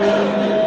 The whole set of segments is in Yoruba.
Amen.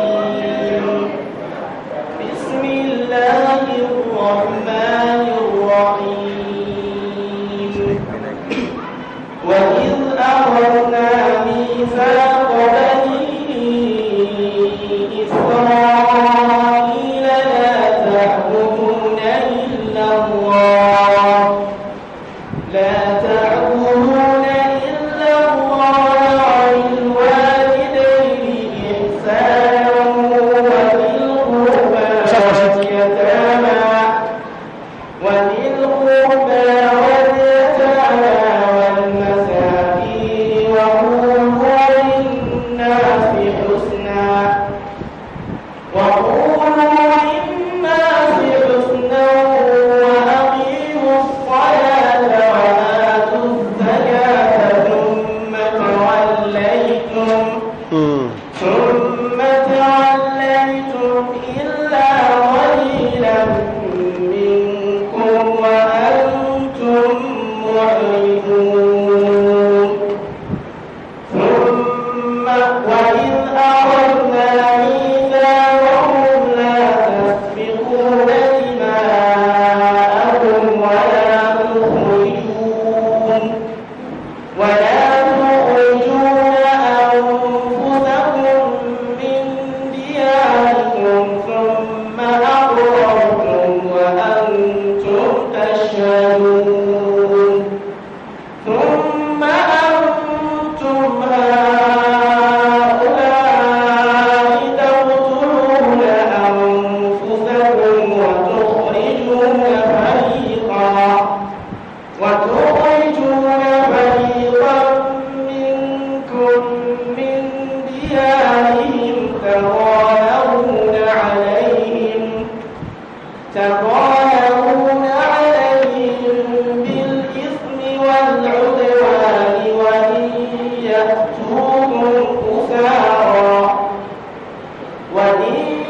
ودين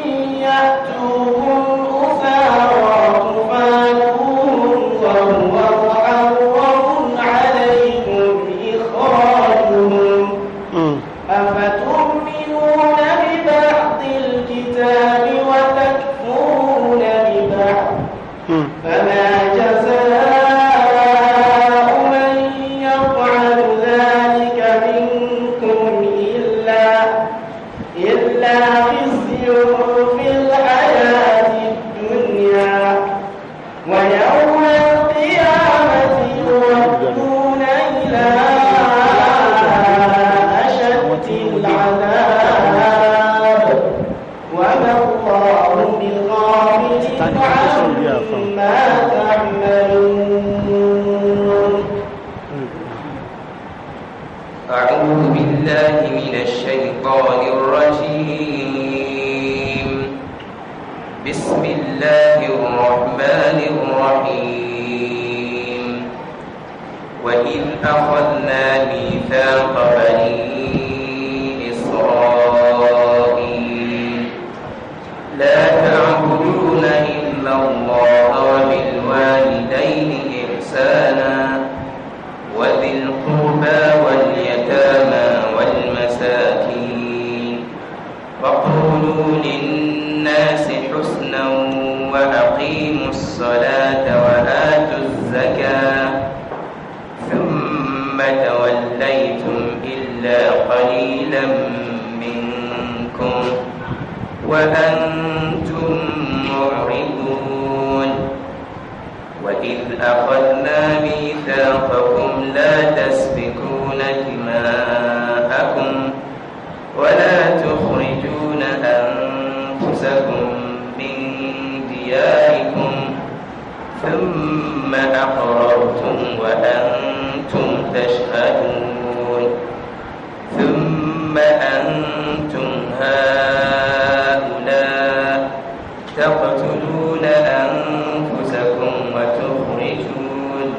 تقتلون أنفسكم وتخرجون,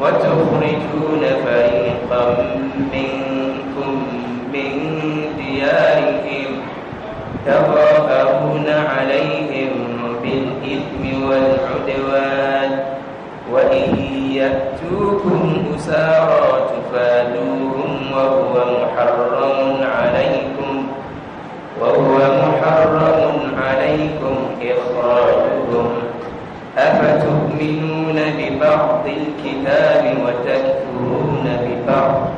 وتخرجون فريقا منكم من ديارهم تظاهرون عليهم بالإثم والعدوان وإن يأتوكم أسارى تفادوهم وهو محرم عليكم وهو محرم عليكم إخراجهم أفتؤمنون ببعض الكتاب وتكفرون ببعض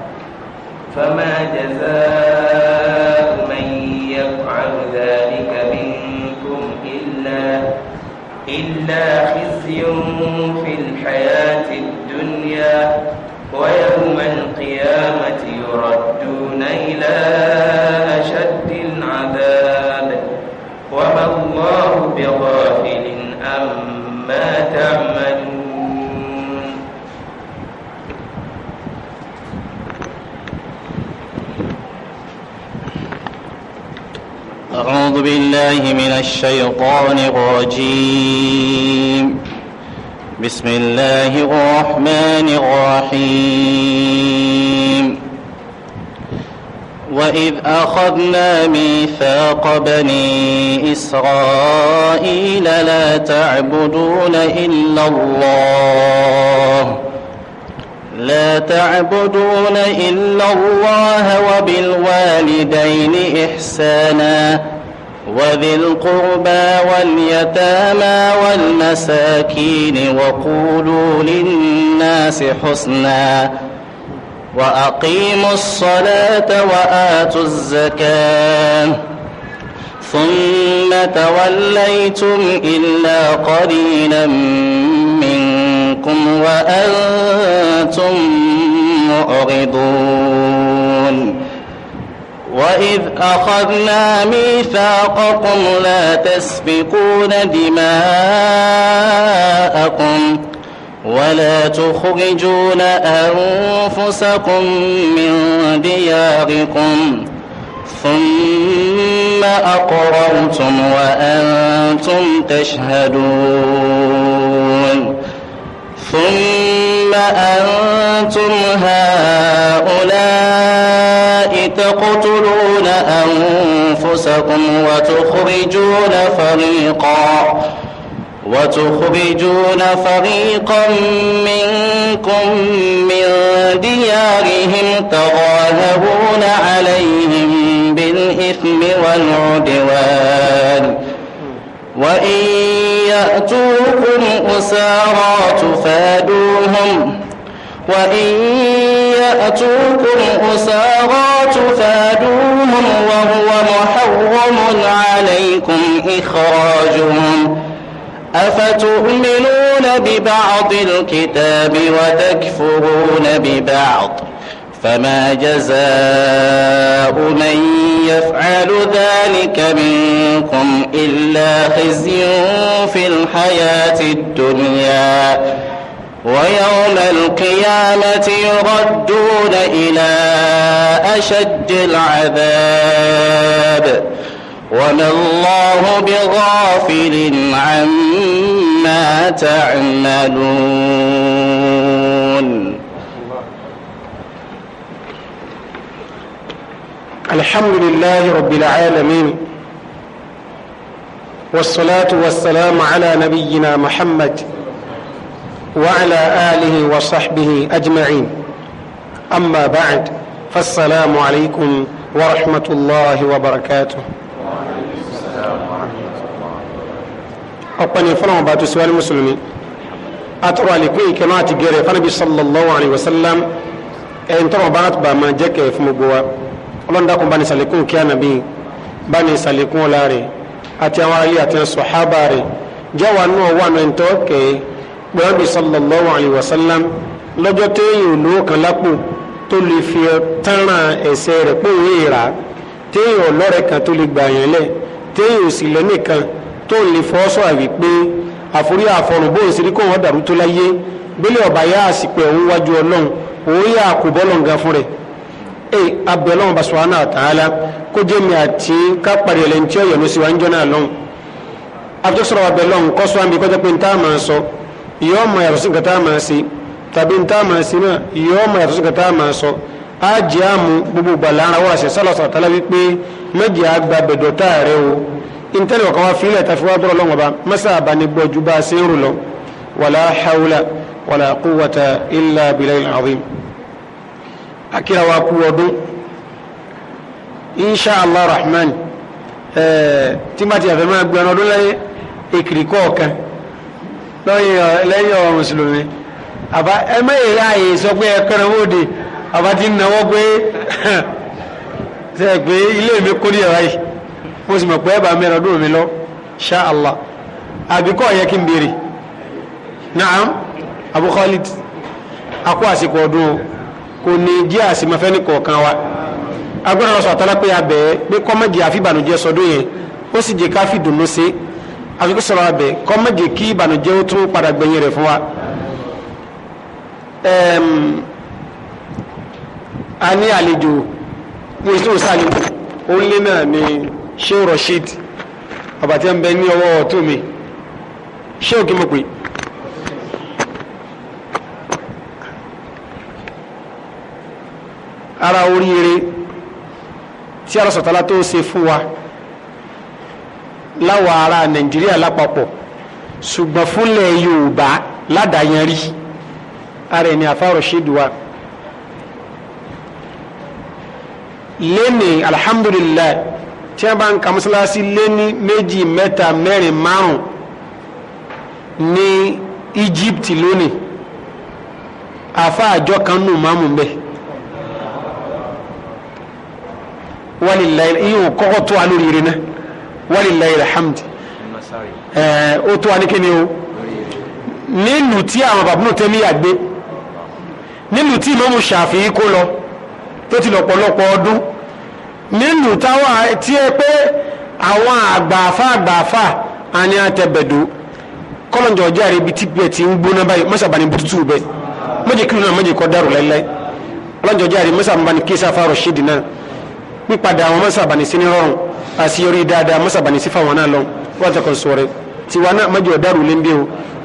فما جزاء من يفعل ذلك منكم إلا إلا خزي في الحياة الدنيا ويوم بالله من الشيطان الرجيم بسم الله الرحمن الرحيم وإذ أخذنا ميثاق بني إسرائيل لا تعبدون إلا الله لا تعبدون إلا الله وبالوالدين إحساناً وذي القربى واليتامى والمساكين وقولوا للناس حسنا وأقيموا الصلاة وآتوا الزكاة ثم توليتم إلا قليلا منكم وأنتم مؤغضون وإذ أخذنا ميثاقكم لا تسبقون دماءكم ولا تخرجون أنفسكم من دياركم ثم أقررتم وأنتم تشهدون ثم أنتم هؤلاء تقتلون أنفسكم وتخرجون فريقا وتخرجون فريقا منكم من ديارهم تغالبون عليهم بالإثم والعدوان وإن يأتوكم أسارى تفادوهم وإن يأتوكم أسارى تفادوهم وهو محرم عليكم إخراجهم أفتؤمنون ببعض الكتاب وتكفرون ببعض فما جزاء من يفعل ذلك منكم إلا خزي في الحياة الدنيا ويوم القيامة يردون إلى أشد العذاب وما الله بغافل عما تعملون الحمد لله رب العالمين والصلاة والسلام على نبينا محمد وعلى آله وصحبه أجمعين أما بعد فالسلام عليكم ورحمة الله وبركاته أقبل فلان باتو سوال المسلمين أترى لكي كما تجري فنبي صلى الله عليه وسلم ẹ̀yìn tọ́rọ̀ bá rátùbà máa jẹ́ kẹ̀ fún gbogbo wa ọlọ́run bá ní sàlékún kí ànàbí bá ní sàlékún ọlá rẹ̀ àti àwọn aráyé àti àwọn sọ̀hábà rẹ̀ jẹ́wàá náà wà náà ń tọ́ pẹ̀lú sallallahu alayhi wa sallam lọ́jọ́ téèyàn olówó kan lápò tó lè fi tánràn ẹ̀sẹ̀ rẹ̀ pé òun èèrà téèyàn ọlọ́rẹ̀ kan tó lè gbà yàn lẹ̀ téèyàn òsì lẹ́nìkan tó lè fọ́ sọ àwí pé àforí àfọrùn bóun sì rí kóun ọ̀dàrú tó láyé bílẹ̀ ọ̀bà yá àsìpẹ̀ òun wájú ọlọ́run òun yà kó bọ́lọ̀ǹgà fún rẹ̀ ee abẹ́ ọlọ́run bá sọ̀rọ̀ náà tààlà kó jẹ́ mi àti ká parí ẹlẹ́ntì ọ̀yọ́ ló sì wá ń jọ́ náà lọ́hùn àtúnṣọ́rọ̀ abẹ́ ọlọ́run kọ́ sọ́ àmì kọ́jọ́ pé ń tá a máa sọ. So yóò mọ yàtọ̀ sí nǹkan tá a máa ṣe tàbí n tá a máa ṣe náà yóò mọ yàtọ̀ sí nǹkan tá a máa sọ á jẹ́ àmú gbogbo gbàlá ara wa ṣe sálọ̀sọ̀ àtàlà wípé méjì á gba bẹ̀dọ̀ tá a rẹ o intanet ọ̀kan wa fílẹ̀ tàfi wá dọ́rọ̀ lọ́wọ́ bá mẹ́sà àbánigbọ́ ju bá a ṣe ń rò lọ wàlá hawla wàlá quwwata illa billahi azim akira wa kú ọdún insha allah rahman ẹ̀ẹ́d tí má ti àfẹ́ máa gbẹ̀rún ọdún lẹ́yìn èkìrì kọ̀ọ̀kan lẹ́yìn ọ̀rọ̀ mùsùlùmí àbá ẹ mẹ́rin sọ pé ẹ̀kẹ́rẹ́ wòde àbá ti náwó pé ṣe é pé ilé mi kó díẹ̀ báyìí mo sì mọ̀ pé ẹ̀bà mẹ́rin ọdún mi lọ ṣá Allah àbíkọ́ yẹ kí n béèrè naam akó àsìkò ọdún o kò ní jẹ́ àsìmọ́fẹ́ ní kọ̀ọ̀kan wa agbẹ́rẹ́ lọ́sọ̀ àtàlápẹ́ abẹ́ pé kọ́mẹ́jì sọdún yẹn ó sì jẹ́ àfikún sọ̀rọ̀ abẹ kọ́mẹ́gì kí ìbànújẹ́ ó tún padà gbẹ̀yìn rẹ̀ fún wa. a ní àlejò ní oṣù sàlẹ̀ òǹlé náà ni sheu rasheed àbàtí ẹ̀ ń bẹ ní ọwọ́ ọ̀tún mi sheu kí mo pè. ara oríire tí arásọ̀tàlá tó ṣe fún wa láwọn ará nàìjíríà lápapọ̀ ṣùgbọ́n fúnlẹ̀ yorùbá ládàáyanrí ara ẹni àfárò ṣèdùwà lẹ́ni alhamdulilayi tí wọ́n bá ń ka mọ́sálásí lẹ́ni méjì mẹ́ta mẹ́rin márùn ní Egypt lónìí àfa àjọ kan nù máàmù bẹ́ẹ̀ wọ́n ìhùn kọ́kọ́ tó wa lórí walilayi alhamdu ẹ ó tó wa ní kíni o nílùú tí àwọn bàbúrò tẹ́ níyà gbé nílùú tí ìmọ̀mù ṣàfihì kó lọ tó ti lọ̀pọ̀lọpọ̀ ọdún nílùú táwa tí ẹ pé àwọn àgbààfà àgbààfà àni àtẹ̀bẹ̀dò kọ́lọ̀njọ́ ọjọ́ àrẹ ibi tí bẹ́ẹ̀ ti ń gbóná báyìí mọ́sàbà ní bututu bẹ́ẹ̀ mọ́jẹ̀ kírun náà mọ́jẹ̀ kọ́ dàrú lẹ́lẹ́ kọ́lọ̀njọ́ ọjọ́ àrẹ mọ́sàbà ní kí sáfà rọ̀ ṣídìí náà pípadà àwọn mọ́sàbàní sí ní rọrùn àṣeyọrí dáadáa mọ́sàbàní sí fáwọn náà lọ wọ́n tẹ̀kọ̀ sọ̀rẹ́ tiwa náà mọ́jọ́ dàrú lẹ́ńbẹ́ o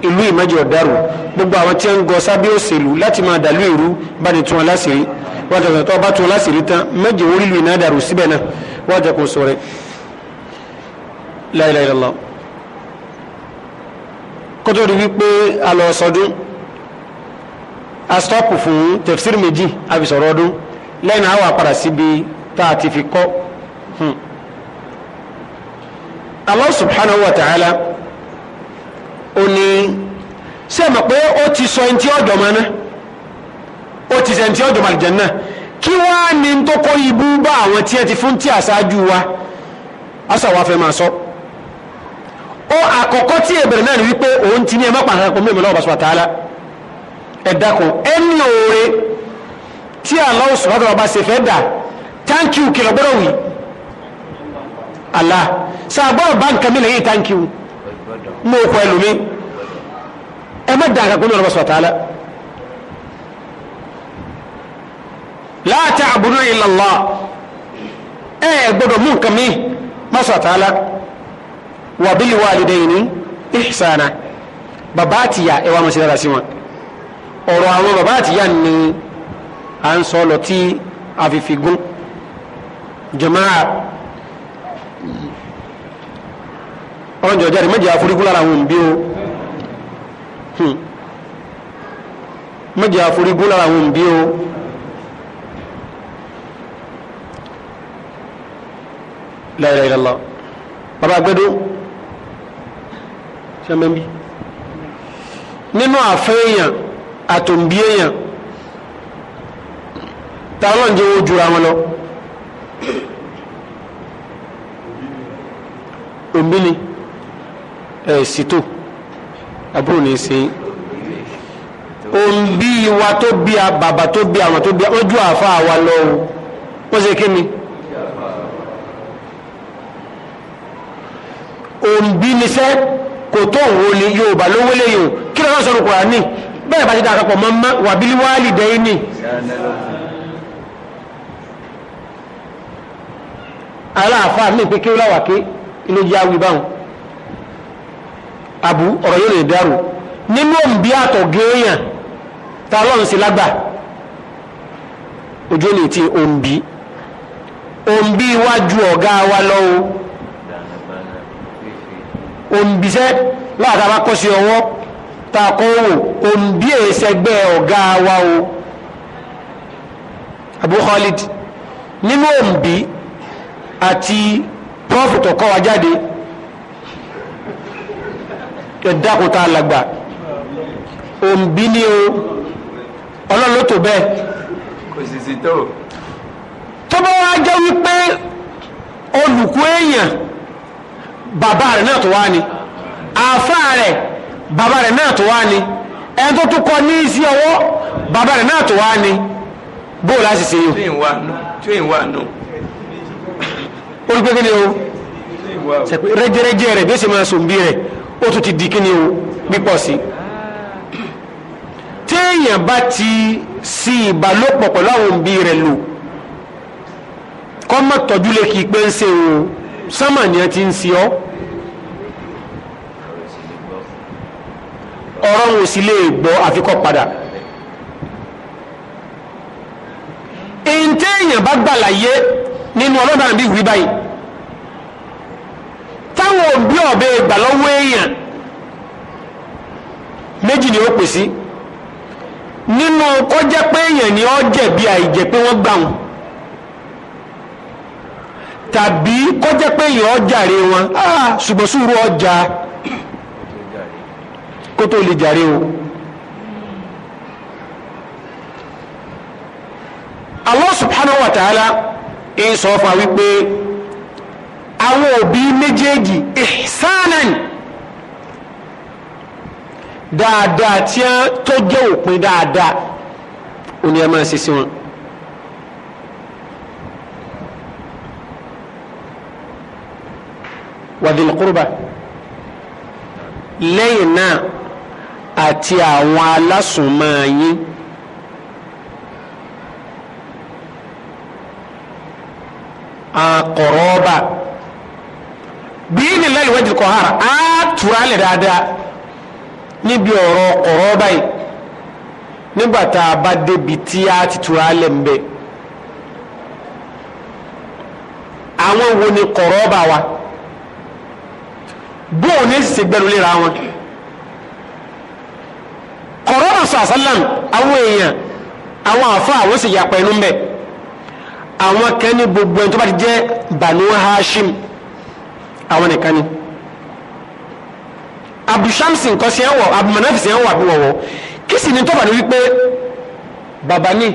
ìlú ìmọ́jọ́ dàrú gbogbo àwọn tí ń gọ sábẹ́ òṣèlú láti máa dàlú ìrú bá ní tún aláṣìírí wọ́n tẹ̀kọ̀ tó bá tún aláṣìírí tán mọ́jọ́ orí ìlú iná dàrú síbẹ̀ náà wọ́n tẹ̀kọ̀ sọ̀rẹ́ la ilaha illallah kótó di wípé tá a ti fi kọ́ hmm. Allah subhanahu wa ta'ala ó ní sẹ́mi pé ó ti sọ ẹni tí ọ̀dọ̀ mọ́ náà ó ti sẹ́ni tí ọ̀dọ̀ mọ́ àlùjánnà kí wọ́n á ní tó kó ibú bá àwọn tí ẹ ti fún tí àṣáájú wa aṣàwọ̀ afẹ́ máa sọ ó àkọ́kọ́ tí èbẹ̀rẹ̀ náà ni wípé òun ti ní ẹ má pàṣẹ mímu lọ́wọ́ bàṣọ ta'ala ẹ̀dá kan ẹni òore tí Allah subhanahu wa ta'ala bá ṣe fẹ́ dà thank you kìlọ̀ gbọ́dọ̀ wì Allah sàgbọ́n bá nǹkan mi lẹ́yìn thank you mo kọ ẹlòmí ẹ má dàn kankan lọ́wọ́ sọ̀tà ala la ta'budu illa Allah ẹ e, gbọ́dọ̀ mú nǹkan mi má sọ̀tà ala wa bil walidayni ihsana bàbá àtìyà ẹ wà mọ̀ sí dára sí wọn ọ̀rọ̀ àwọn bàbá àtìyà ni à ń sọ lọ tí a fi fi jamaa ọlọ́njọ́ jáde méjì àforíkú lára àwọn òǹbí o méjì àforíkú lára àwọn òǹbí o la ilaha illallah bàbá gbẹ́dọ́ sẹ́mẹ́bí nínú àfẹ́yàn àtòǹbí èèyàn tààlọ́njẹ́ wo jura wọn lọ. omi ni ẹ̀ sító àbúrò ni í ṣe òun bí wa tó bí a bàbá tó bí àwọn tó bí a wọ́n lọ o wọ́n ṣe kí ni òun bí ni sẹ́ kò tó òun ni yorùbá ló wélé yòó kí ló ń sọ̀rọ̀ Kùránì bẹ́ẹ̀ bá ti dáa kápọ̀ mọ́ wà bí wàhálì dẹ́yìn ni. aláàfáà mi pé kí ó láwàá ilé jẹ́ awi báwọn àbú ọ̀rọ̀ yóò lè dárò nínú òǹbí àtọ̀ géèyàn ta lọ́n sí lágbà ojú lè ti òǹbí òǹbí iwájú ọ̀gá wa lọ o òǹbí sẹ́ láàtà bá kọ́ sí ọwọ́ ta kọ́ wò òǹbí èsẹ̀gbẹ́ ọ̀gá wa o Abu Khalid nínú òǹbí àti prọfù tó kọ́ wa jáde ẹ̀dákùtà alàgbà òǹbí ni o ọlọ́run ló tó bẹ́ẹ̀ kò sì sí tó tó bá wá jẹ́ wípé olùkú èèyàn bàbá rẹ̀ náà tó wá ni àáfàá rẹ̀ bàbá rẹ̀ náà tó wá ni ẹni tó tún kọ ní sí ọwọ́ bàbá rẹ̀ náà tó wá ni bóòlù àṣìṣe yìí. tí ì wà nù olùgbé kí ni o rẹ́jẹrẹ́jẹ rẹ̀ bí ó sì máa sùn bí rẹ̀ ó tún ti di kí ni o pípọ̀ sí téèyàn bá ti sí ìbálòpọ̀ pẹ̀lú àwọn òbí rẹ̀ lò kọ́ mọ̀ tọ́jú lè kí pé ń ṣe o sánmà ni ẹ ti ń ṣe ọ́ ọ̀rọ̀ wọn sì lè gbọ́ àfikọ́ padà ìǹtẹ́yìn bá gbàlàyé nínú ọlọ́dà bí wí báyìí táwọn òbí ọ̀bẹ ìgbà lọ́wọ́ èèyàn méjì ni ó pè sí nínú kọjá pé èèyàn ni ó jẹ̀bi àìjẹ́ pé wọ́n gbà wọn tàbí kọjá pé èèyàn ó jàre wọn ah, ṣùgbọ́n sùúrù ọjà kó tó lè jàre o. Allah subhanahu wa ta'ala ń sọ fún wa wípé àwọn òbí méjèèjì ihsanan dáadáa tí a tó jẹ́ òpin dáadáa ó ní ẹ máa ṣe sí wọn. wadil qurba lẹ́yìn náà àti àwọn alásùnmọ́ akɔrɔba biiri la iwaji kɔhara a tura le daadaa ne bi ɔrɔ kɔrɔba yi ne ba taa bi ti a ti tura le mbɛ àwọn wo ni kɔrɔba wa bóun ni sise gbɛlu lera wọn kɔrɔba sɔ asalam awo eyan awo afa awo si yakpɛnu mbɛ. àwọn kan ní gbogbo ẹni tó bá ti jẹ́ Banu Hashim àwọn nìkan ni abdulshamsi nǹkan sí ẹwọ abdulmanaf sí ẹwọ àbíwọwọ kí sì ni tó fà ní wípé bàbá ni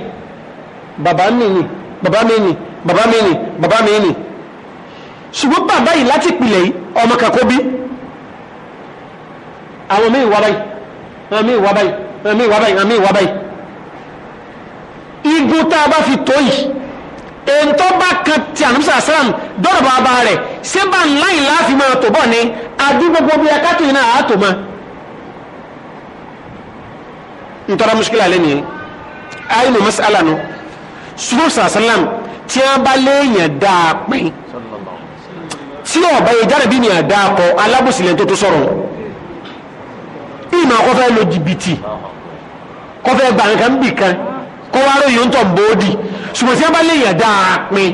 bàbá mi ni bàbá mi ni bàbá mi ni bàbá mi ni ṣùgbọ́n bàbá yìí láti pìlẹ̀ yìí ọmọ kankan bí àwọn míì wá báyìí àwọn míì wá báyìí àwọn míì wá báyìí àwọn míì wá báyìí igun tá a bá fi tó yìí èyí tó bá kan ti ànàmísà sàlám dọ́rọ̀ bàbá rẹ̀ ṣé bá ń láyìn láàfin máa tò bọ̀ ni àdúgbò bí akátó yìí náà àtò mọ́ ntọ́ra muskila lé nìyẹn ayé ló masala nu sùnú sàlám tí a bá léèyàn dáa pín tí ọba yẹn jáde bí ní àdáa kọ alábòsílẹ̀ tó tó sọ̀rọ̀ ìmọ̀ akọ́fẹ́ lo jìbìtì kọ́fẹ́ gbàǹkan bìkan kọ́ wá ròyìn ń tọ̀ bóódì ṣùgbọ́n tí wọ́n bá lè yàn dáa pin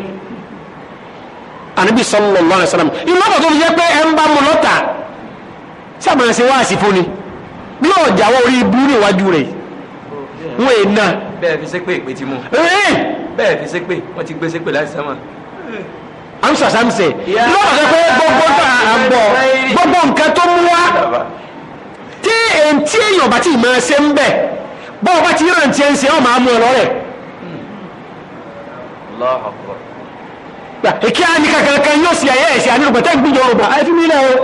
anabi sallallahu alaihi wasallam ìmọ̀ kan tó fi jẹ́ pé ẹ ń bá mu lọ́tà sábàá ṣe wá àsìfo ni bí yóò jáwọ́ orí ibú níwájú rẹ̀ wọ́n è na. bẹ́ẹ̀ fi ṣépè ìpè ti mú. bẹ́ẹ̀ fi ṣépè wọ́n ti gbé ṣépè láti sẹ́wọ̀n. amsa samse lọ́wọ́ sọ pé gbogbo tó à ń bọ̀ gbogbo nǹkan tó mú wá tí èntí èèyàn bá ti máa ṣe ń bẹ̀ bọ́ọ̀ bá ti ràn tí ẹ ń se ọmọ amú ẹ lọ́rẹ̀ èké àní kankan yóò sì ayé ẹ̀sẹ̀ àníkùnkùn tẹ́ gbìyànjú ọgbà àìfí mi lẹ́ o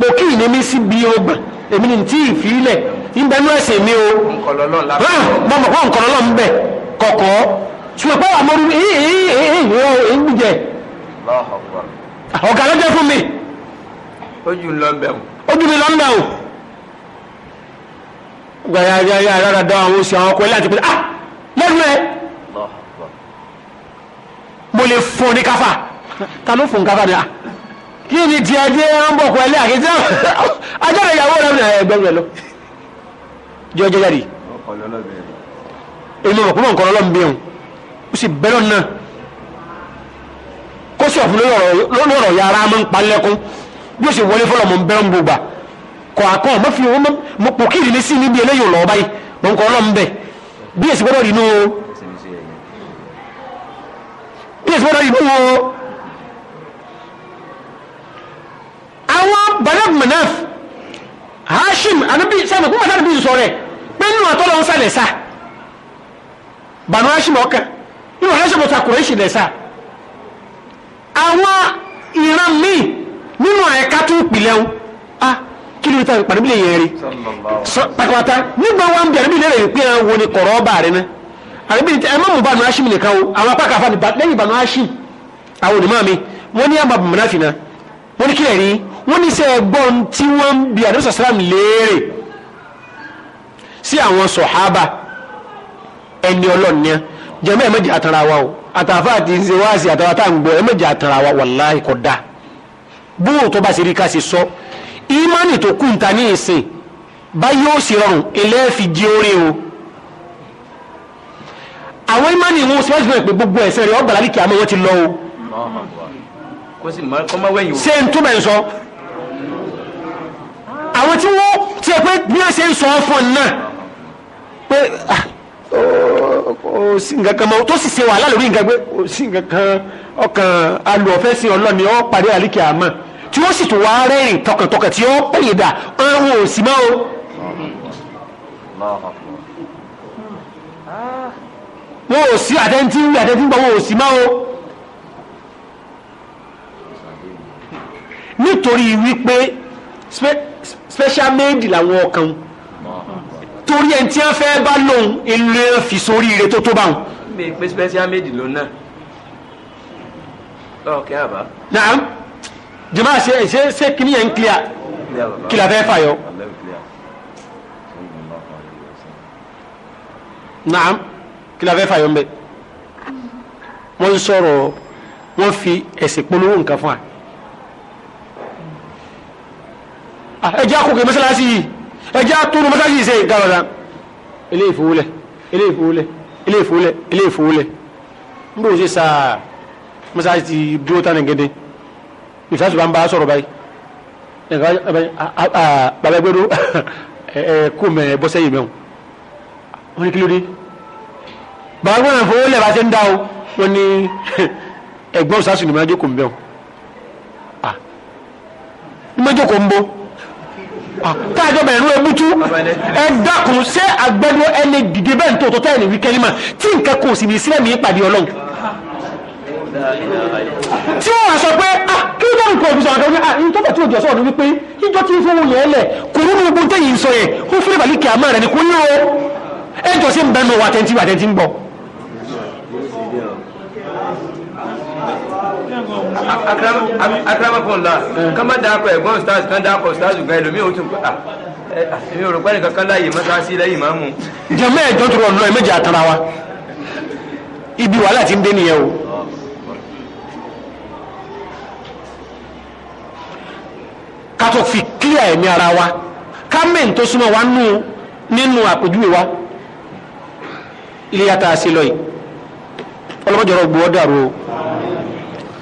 pò kí ní mi sí bí ọgbà èmi ní tí ìfilẹ̀ ìbẹ̀nú ẹ̀sẹ̀ mi o mọ̀mọ̀ pọ̀ nkọ̀lọ́lọ́ ń bẹ̀ kọ̀kọ́ ṣùgbọ́n pọ̀ àmọ́rú ìgbìjẹ ọ̀gá lọ́jọ́ fún mi ojú mi lọ́nbẹ̀ o gbàyàgbàyà rárá dá àwọn oṣù àwọn ọkọ ilé àti ah lẹ́nu ẹ̀ mo lè fún ní káfà ta ló fún káfà ni ah kí ni tiẹ̀ dé ń bọ̀ kọ ilé àkejì ajá rẹ̀ ìyàwó rẹ̀ eh, ẹ̀ gbẹ́rù rẹ̀ lọ jọ jẹ́ jáde èmi ọ̀pọ̀ nǹkan ọlọ́run bí òun kọ̀ àkọ́ ọmọ fi wọn mọ pò kí ìrìlẹ̀ sí níbi eléyìí lọ báyìí mo ń kọ́ ọlọ́run bẹ̀ bí èsì gbọ́dọ̀ rìnú o bí èsì gbọ́dọ̀ rìnú o àwọn balab manaf hashim anabi sẹ́mi kúmọ̀ sáà níbi ìsọ rẹ̀ pé nínú àtọ́lọ́ ń sálẹ̀ sá hashim ọkàn nínú hashim ọ̀tà kùrẹ́ṣì lẹ̀ sá àwọn ìran míì nínú ẹ̀ka tó pìlẹ̀ o ah kí ló ta ìpàdé bílẹ̀ yẹn rí pàtàkì nígbà wọn bí àdébìlẹ̀ rẹ̀ pé àwọn wo ni kọ̀rọ̀ ọba rẹ náà àdébìlẹ̀ tẹ ẹ má mú banu hashim nìkan o àwọn apá kàfa lẹ́yìn banu hashim àwọn onímọ̀ mi wọ́n ní àbàbọ̀ mọ̀nàfínà wọ́n ní kílẹ̀ rí wọ́n ní sẹ́ ẹgbọ́n tí wọ́n bí àdébìlẹ̀ sàlám léèrè sí àwọn sọ̀hábà ẹni ọlọ́ọ̀nìyàn jẹ́mọ́ ẹ̀ mẹ́jì àtàrà wa o àtàfà àti ṣe wáàsì Imani tó kù ta ní ìsìn báyìí ó sì rọrùn ilé fi jí orí o àwọn ìmánì wọn sì wájú pé gbogbo ẹ̀sẹ̀ rẹ̀ ọgbà lálìkì àmọ́ wọ́n ti lọ o ṣé n túbẹ̀ ń sọ àwọn tí wọ́n ti ẹ̀ pé bí wọ́n ṣe ń sọ fún un náà pé ah, ó sì nǹkan kan tó sì ṣe wàhálà lórí nǹkan pé ó sì nǹkan kan ọkàn alù sí ọlọ́ni ó parí àlìkì àmọ́ tí ó sì tún wá rẹ́rìn tọkàntọkàn tí ó pèyè dà ọ̀hún ò sí mọ́ o. wọn ò sí àtẹ́ntí ń rí àtẹ́ntí ń gbọ́ wọn ò sí mọ́ o. nítorí wípé special made làwọn ọkàn torí ẹni tí wọn fẹ́ bá lòun ìlú ẹ fi sórí ire tó tó bá wọn. mi pe special made lòun náà lọ́ọ̀kẹ́ àbá. naam jama se se se kini yẹn clear kila fẹ́ fayọ. naam kila fẹ́ fayọ mbẹ wọ́n sọ̀rọ̀ wọ́n fi ẹ̀sìn polówó nǹkan fún wa. Ah, ẹ jẹ́ àkókò mọ́sálásí yìí ẹ jẹ́ àtúnú mọ́sálásí yìí ṣe nǹkan ọ̀la ilé ìfowólẹ̀ ilé ìfowólẹ̀ ilé ìfowólẹ̀ ilé ìfowólẹ̀ n bò ṣe sáà mọ́sálásí dúró tánà gẹ́gẹ́ ìfẹ́sùn bá ń bá a sọ̀rọ̀ báyìí bàbá gbẹdọ kú mẹ bọ́ sẹ́yìn mẹ́wọ̀n wọ́n ní kí ló dé bàbá gbẹdọ fowó lẹ́ẹ̀bá ṣe ń dá o wọ́n ní ẹ̀gbọ́n sásùn ìmọ̀ ẹjọ́ kò ń bẹ̀wọ̀n ìmọ̀ ẹjọ́ kò ń bọ̀ táàjọ bẹ̀rẹ̀ ló ebútú ẹ dákun ṣé agbẹnú ẹni dìde bẹ́ẹ̀ ní tòótọ́ tẹ́ẹ̀ ní wíkẹ́ ní mà tí nǹkan kò sì ní sílẹ̀ mi pàdé ọlọ́run tí wọ́n wá sọ pé ah kí ló dáhùn kó òfin sọ̀rọ̀ ní ah ìtọ́pọ̀ tí òjò sọ̀rọ̀ ní wípé ìjọ tí fún òun yẹn lẹ̀ kò rú gbogbo tẹ̀yìn sọ yẹn ó fún ìbàlí kí a máa rẹ̀ ní kó ní o ẹjọ́ sí ń bẹ́ẹ̀ mọ̀ wà tẹ́ntì wà tẹ́ntì ń bọ̀. akaramakunla kama dakọ ẹ̀gbọ́n stars kan dakọ stars gan ẹlòmíì o tún pa ah, ah, èmi ò rò pé nìkan kan láàyè mọ́sáàsì lẹ́yìn máa mú. jẹ́mẹ́ ẹ̀jọ́ tó rọ̀ lọ́ọ́ ẹ̀mẹ́jì àtàrà wa ibi wàhálà ti ń dé nìyẹn o. ká tó fi clear ẹ̀mí ara wa ká mẹ́rin tó súnmọ́ wa nù nínú àpèjúwe wa ilé yàtà sí lọ yìí ọlọ́mọdéjọ́rọ̀ gbọ́ dàrú o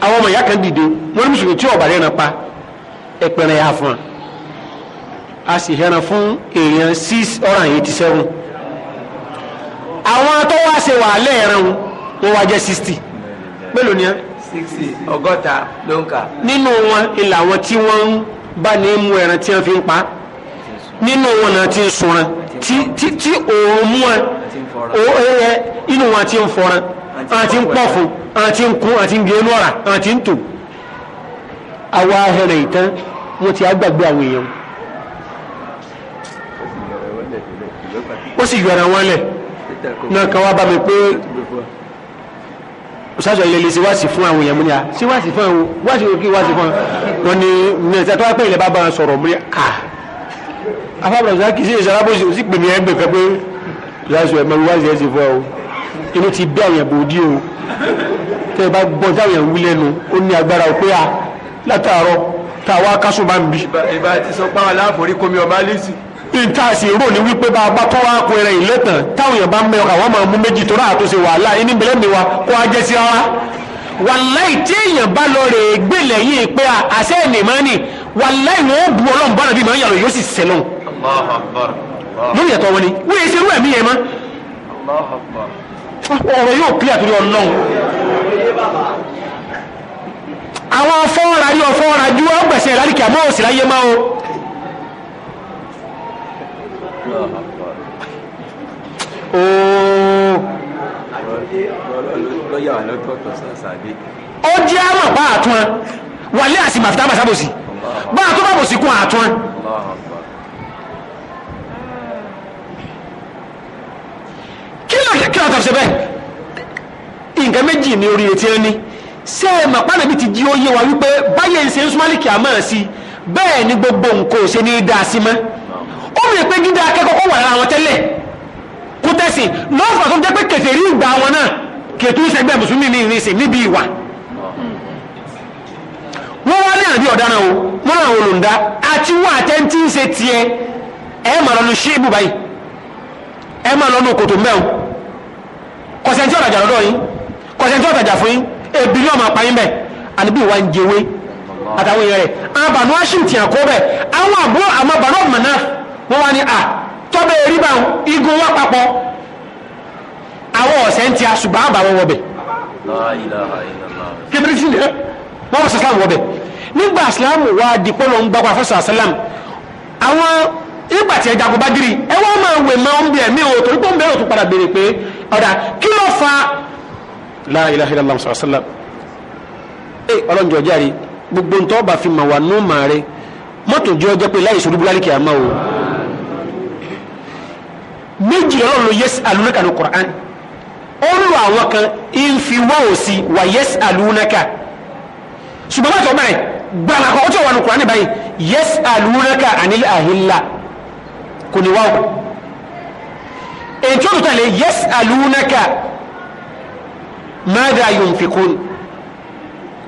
àwọn ọmọ ìyá kan dìde wọ́n ní mùsùlùmí tí ọ̀bà rẹ̀ pa ẹ̀pẹ̀rẹ̀ yà fún wa a sì hẹ́ran fún èèyàn six hundred eighty seven àwọn tó wá ṣe wàhálẹ̀ ẹran wọn wá jẹ́ sixty mélòó ni ẹ. sixty ọgọ́ta ló ń kà. nínú wọn ilà wọn tí wọ́n ń bá ní mú ẹran tí wọ́n fi ń pa nínú wọn náà ti ń sunran tí òòrùn mú ẹ inú wọn ti ń fọran àti ń pọ̀ fún àti ń kún àti ń gé inú ọ̀rá àti ń tò àwa ahẹ́rẹ̀ ìtàn wọ́n ti àgbàgbé àwọn èèyàn ó sì yọ̀ra wọn lẹ̀ náà kan wá bá mi pé sáṣọ ilé ṣe wáṣì fún àwọn èèyàn mú ní a ṣe wáṣì fún àwọn wáṣì òkè wáṣì fún wọn ni nàìjíríà tó wá pé ilẹ̀ bá bá wọn sọ̀rọ̀ mú ní a. afábọ̀lọ̀ sọ kì í ṣe ìṣẹ́ alábòsí ó sì pè mí ẹgbẹ́ kan pé láṣọ ẹ̀ mọ̀lú wáṣì ẹ̀ ṣe fún ọ inú ti bí àyàn bò dí o tẹ́ ẹ bá gbọ́ táyàn wí lẹ́nu ó ní agbára ò pé a látàárọ̀ táwa kásùn bá ń bí. ìbá ti sọ pé àwọn aláàfọ̀rí komi nta sì rò ní wípé bá a bá kọ́ wá kó ẹran ìlẹ́tàn táwọn èèyàn bá ń mẹ́wọ́ káwọn máa mú méjì tó ráà tó ṣe wàhálà ẹni bẹ̀rẹ̀ mi wa kó a jẹ́ sí ara wàláì tí èèyàn bá lọ rè é gbélé yìí pé àṣẹ ẹ̀ nìmọ́ ni wàláì wọn bu ọlọ́run bá nàbí màá yàrá yóò sì sẹ́lọ̀ lórí ẹ̀tọ́ wọn ni wọ́n yẹ ṣerú ẹ̀mí yẹn mọ́ ọ̀rọ̀ yóò pè àtúndì ọlọ́run àwọn fọ́nra yóò ọgbẹ̀sẹ̀ ìlàlíkì àmọ́ òsì láyé máa o ooo. ó jẹ́ àmọ̀ bá àtún ẹ wàlẹ́ àsìgbà fìtá bá sábòsì bá àtún bá bòsì kún àtún ẹ. kí ló kí ló tọ̀sẹ̀ bẹ́ẹ̀ nǹkan méjì ni oríire tí ẹ ní ṣé ẹ mọ̀ pálẹ̀ bí ti jí ó yé wa wípé báyẹn ṣe ń súnmọ́lì kí a máa sí bẹ́ẹ̀ ni gbogbo nǹkan ò ṣe ní í dá sí mọ́. ó rí pé dídá akẹ́kọ̀ọ́ wà lára wọn tẹ́lẹ̀ kó tẹ̀sìn lọ́fà tó jẹ́ pé kèfèrí ìgbà wọn náà kètò ìṣẹ́gbẹ́ mùsùlùmí ní ìrìnsìn níbi ìwà wọ́n wá ní àbí ọ̀daràn o wọ́n náà wọ́n lò àti wọ́n àtẹ́ntì ń ṣe tiẹ̀ ẹ̀ máa lọ́nu ṣé ibùba yìí ẹ̀ máa lọ́nu kòtò kọ̀sẹ̀ntì ọ̀tàjà lọ́dọ̀ wọ́n wá ní à tọ́bẹ̀ rí bá igun wá papọ̀ àwọn ọ̀sẹ̀ ń ti àṣùgbọ́n àbàwọ̀ wọ̀bẹ̀ kébìrì sí ni ẹ wọ́n wọ́n sàsàlámù wọ̀bẹ̀ nígbà sàlámù wà dìpọ́ lọ ń gbapò àfẹ́sọ̀ sàlámù àwọn ìgbà tí ẹja gbọ́bá gírí ẹ wọ́n máa wè máa ń bí ẹ̀mí o torí pé ń bẹ̀rẹ̀ òtún padà béèrè pé ọ̀dà kí ló fa la ilaha illallah sàlám ẹ ọlọ́njọ́ járe gbogbo ntọ́ bá fi mà wà nù màá rẹ mọ́tò jẹ́ ọjọ́ pé láì sọ́dún búláríkì àmọ́ o méjì ọlọ́run ló yẹsì alúnáka ní Qur'an ó ń lo àwọn kan ìfiwọ́ òsì wà yẹsì alúnáka ṣùgbọ́n wọ́n tọ́ báyìí gbàrà kan ó tí ò wà ní Qur'an báyìí yẹsì alúnáka anil ahilla kò ní wáwò èyí tó tún tẹ̀lé yẹsì alúnáka mada yunfikun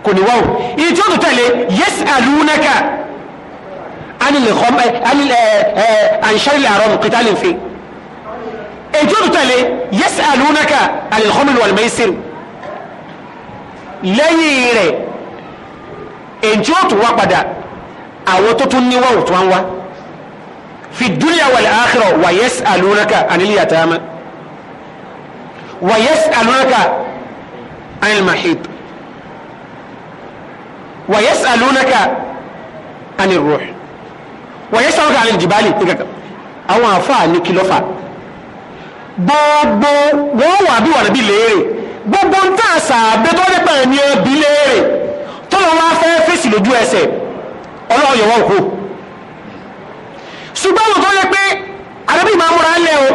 kò ní wáwò èyí tó tún tẹ̀lé yẹsì alúnáka anil ẹ̀ anṣẹ́lẹ̀ àrọ̀ kìtàlẹ̀ fèé ètò ìtẹ̀lé yasalunaka anil khamri wal maisir lẹ́yìn rẹ̀ ètò òtún wá padà àwọn tó tún níwá òtún wá fi dunya wal akhirah wa yasalunaka anil yatama wa yasalunaka anil mahid wa yasalunaka anil ruh wa yasalunaka anil jibali àwọn àfáà ní gbogbo wọ́n wà bí wàrẹ̀ bí léèrè gbogbo ń tà sàbẹ́ tó lè bẹ̀rẹ̀ ní ẹbí léèrè tó lọ wá fẹ́ fèsì lójú ẹsẹ̀ ọlọ́run yọ̀wọ́ òkú ṣùgbọ́n wọ́n tó lè pé àdébí máa múra lẹ́ o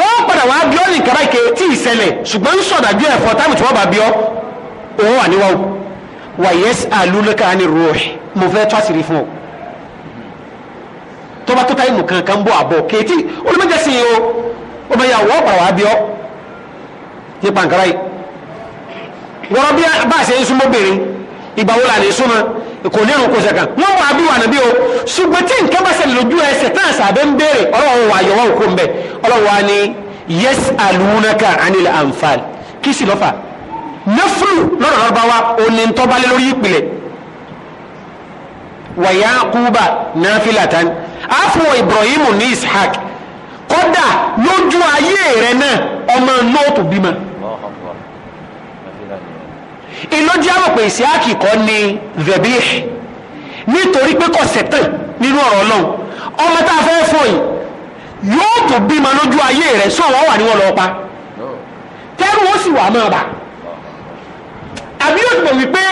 wọ́n padà wá bí ọ́ ní kàrá ìkẹ́ tí ìṣẹ̀lẹ̀ ṣùgbọ́n ń sọ̀dà bí ẹ̀fọ́ táàmù tí wọ́n bá bí ọ́ òun wà níwáwó wà yẹ́sì àlúlẹ́kà ní ruhi mo fẹ́ tó àṣírí fún ọ tó bá tó táyé mù kankan bọ̀ àbọ̀ kéétì olùmọ̀jẹ̀sìn o ó bẹ yà wọ́ pàrọ̀ wá bí ọ́ ní pàǹkárá yìí wọ́rọ́ bí bá a ṣe ń súnmọ́ bèrè ìgbà wo la lè súnmọ́ kò ní ìrùn kò sẹ̀kan wọ́n wà bí wà nàbí o ṣùgbọ́n tí nǹkan bá ṣẹlẹ̀ lójú ẹsẹ̀ tán àṣàbẹ̀ ń béèrè ọlọ́run wà yọ̀wọ́ òkú ń bẹ̀ ọlọ́run wà ní yes alunaka anil anfal kí sì lọ́fà nafulu lọ́dọ̀ lọ́dọ̀báwa òní ń tọ́balẹ̀ lórí ìpìlẹ̀ wàyà kúbà náfìlà tán àfọwọ́ Ibrahim ní Ishaq kódà lójú ayé rẹ náà ọmọ nóòtù bímọ ìlójú àwọn pé ìsíákì kọ́ ni vẹ̀bí nítorí pé kò sẹ̀tàn nínú ọ̀rọ̀ ọlọ́run ọmọ tá a fẹ́ fọ yìí yóò tó bímọ lójú ayé rẹ sọ wọn wà ní wọn lọ pa tẹrù ó sì wà máa bà àbí yóò túbọ̀ wípé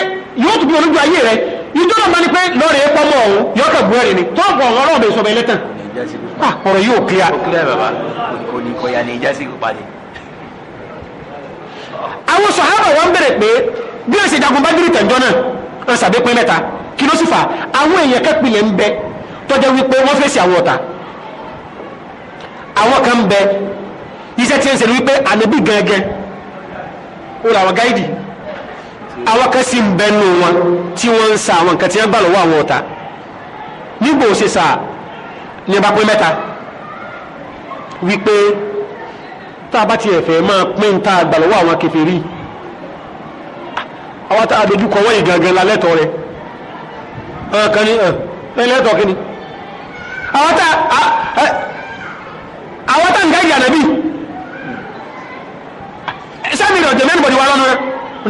yóò tó bímọ lójú ayé rẹ ìjọba máa ní pé lọ́ọ̀rẹ́ pọ́mọ́ ọ̀hún yọ̀ọ́kẹ̀ bú ẹ̀rẹ̀ ni tọ́ọ̀bù ọ̀hún ọlọ́ọ̀bẹ̀ ìsọ̀bẹ̀ lẹ́tàn Ah, ọ̀rọ̀ yóò clear. kò clear bàbá kò ní kò yà ní ìjà sí pípa ni. àwọn sọ̀hábà wa ń bèrè pé bí wọ́n ṣe jagun bá gírí tẹ̀jọ́ náà wọ́n sàbẹ̀ pín mẹ́ta kí ló sì fà àwọn èèyàn kẹ́pìlẹ̀ ń bẹ tọ́jú wípé wọ́n fèsì àwọn ọ̀tá àwọn kan ń bẹ iṣẹ́ tí ń ṣe wípé ànábì gẹ́gẹ́ ó ra gáìdì àwọn kan sì ń bẹ nù wọn tí wọ́n ń sa àwọn nǹkan tí wọ́n gbà lọ́wọ́ àwọn ọ̀tá nígbò ó ṣe sáà ní ọba pín mẹ́ta wípé tá a bá ti ẹ̀fẹ̀ máa pín tá a gbà lọ́wọ́ àwọn kèfèrí àwọn tá a dojúkọ wọ́n yìí gangan la lẹ́tọ̀ọ́ rẹ̀ ọ̀hún kan ní ẹ̀hún lẹ́tọ̀ọ́ kí ni àwọn tá àwọn tá nǹkan ìyànà bí sẹ́mi ìrọ̀jẹ̀ mẹ́rin bọ̀dì wa lọ́nu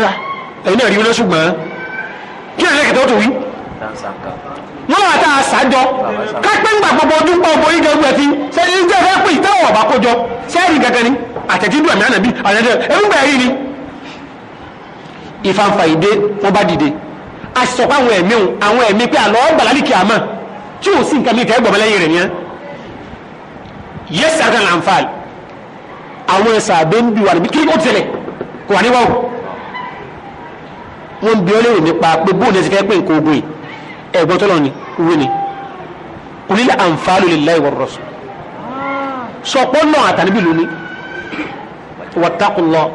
rẹ̀ ẹ̀yin náà rí iná ṣùgbọ́n kí ẹ̀rẹ́ kẹta ó tó wí wọ́n wà tá a sàájọ́ kápẹ́ ńgbà gbogbo ọdún pọ̀ ọgbọ̀ yíga ogun ẹ̀tí ṣe ní jẹ́ fẹ́ pè tẹ́wọ̀ ọ̀bá kójọ sẹ́ẹ̀rì gẹ́gẹ́ ni àtẹ̀jídù àmì ànàbí àtẹ̀jẹ́ ẹ̀rúgbà yìí ni. ìfanfà ìdè wọn bá dìde a sì sọ pé àwọn ẹ̀mí àwọn ẹ̀mí pé àlọ́ gbàlálì kì á mọ̀ tí ò sí nǹkan mi tẹ́ gbọ̀mọ́ rẹ̀ nìyẹn. yẹ́sì àgàn lànfààl àwọn ẹ̀sà àbẹ́ ń bi wà kí ó tẹ̀lẹ̀ kò wà níwáwò. wọ́n bi ọ́ nípa pé bóun ẹ̀ fẹ́ pé nǹkan ogun yìí ẹ̀gbọ́n tọ́lọ̀ ni wí ni orílẹ̀ ànfààlù lillahi war rasul sọ̀pọ̀ náà àtàníbì lónìí wattaqullah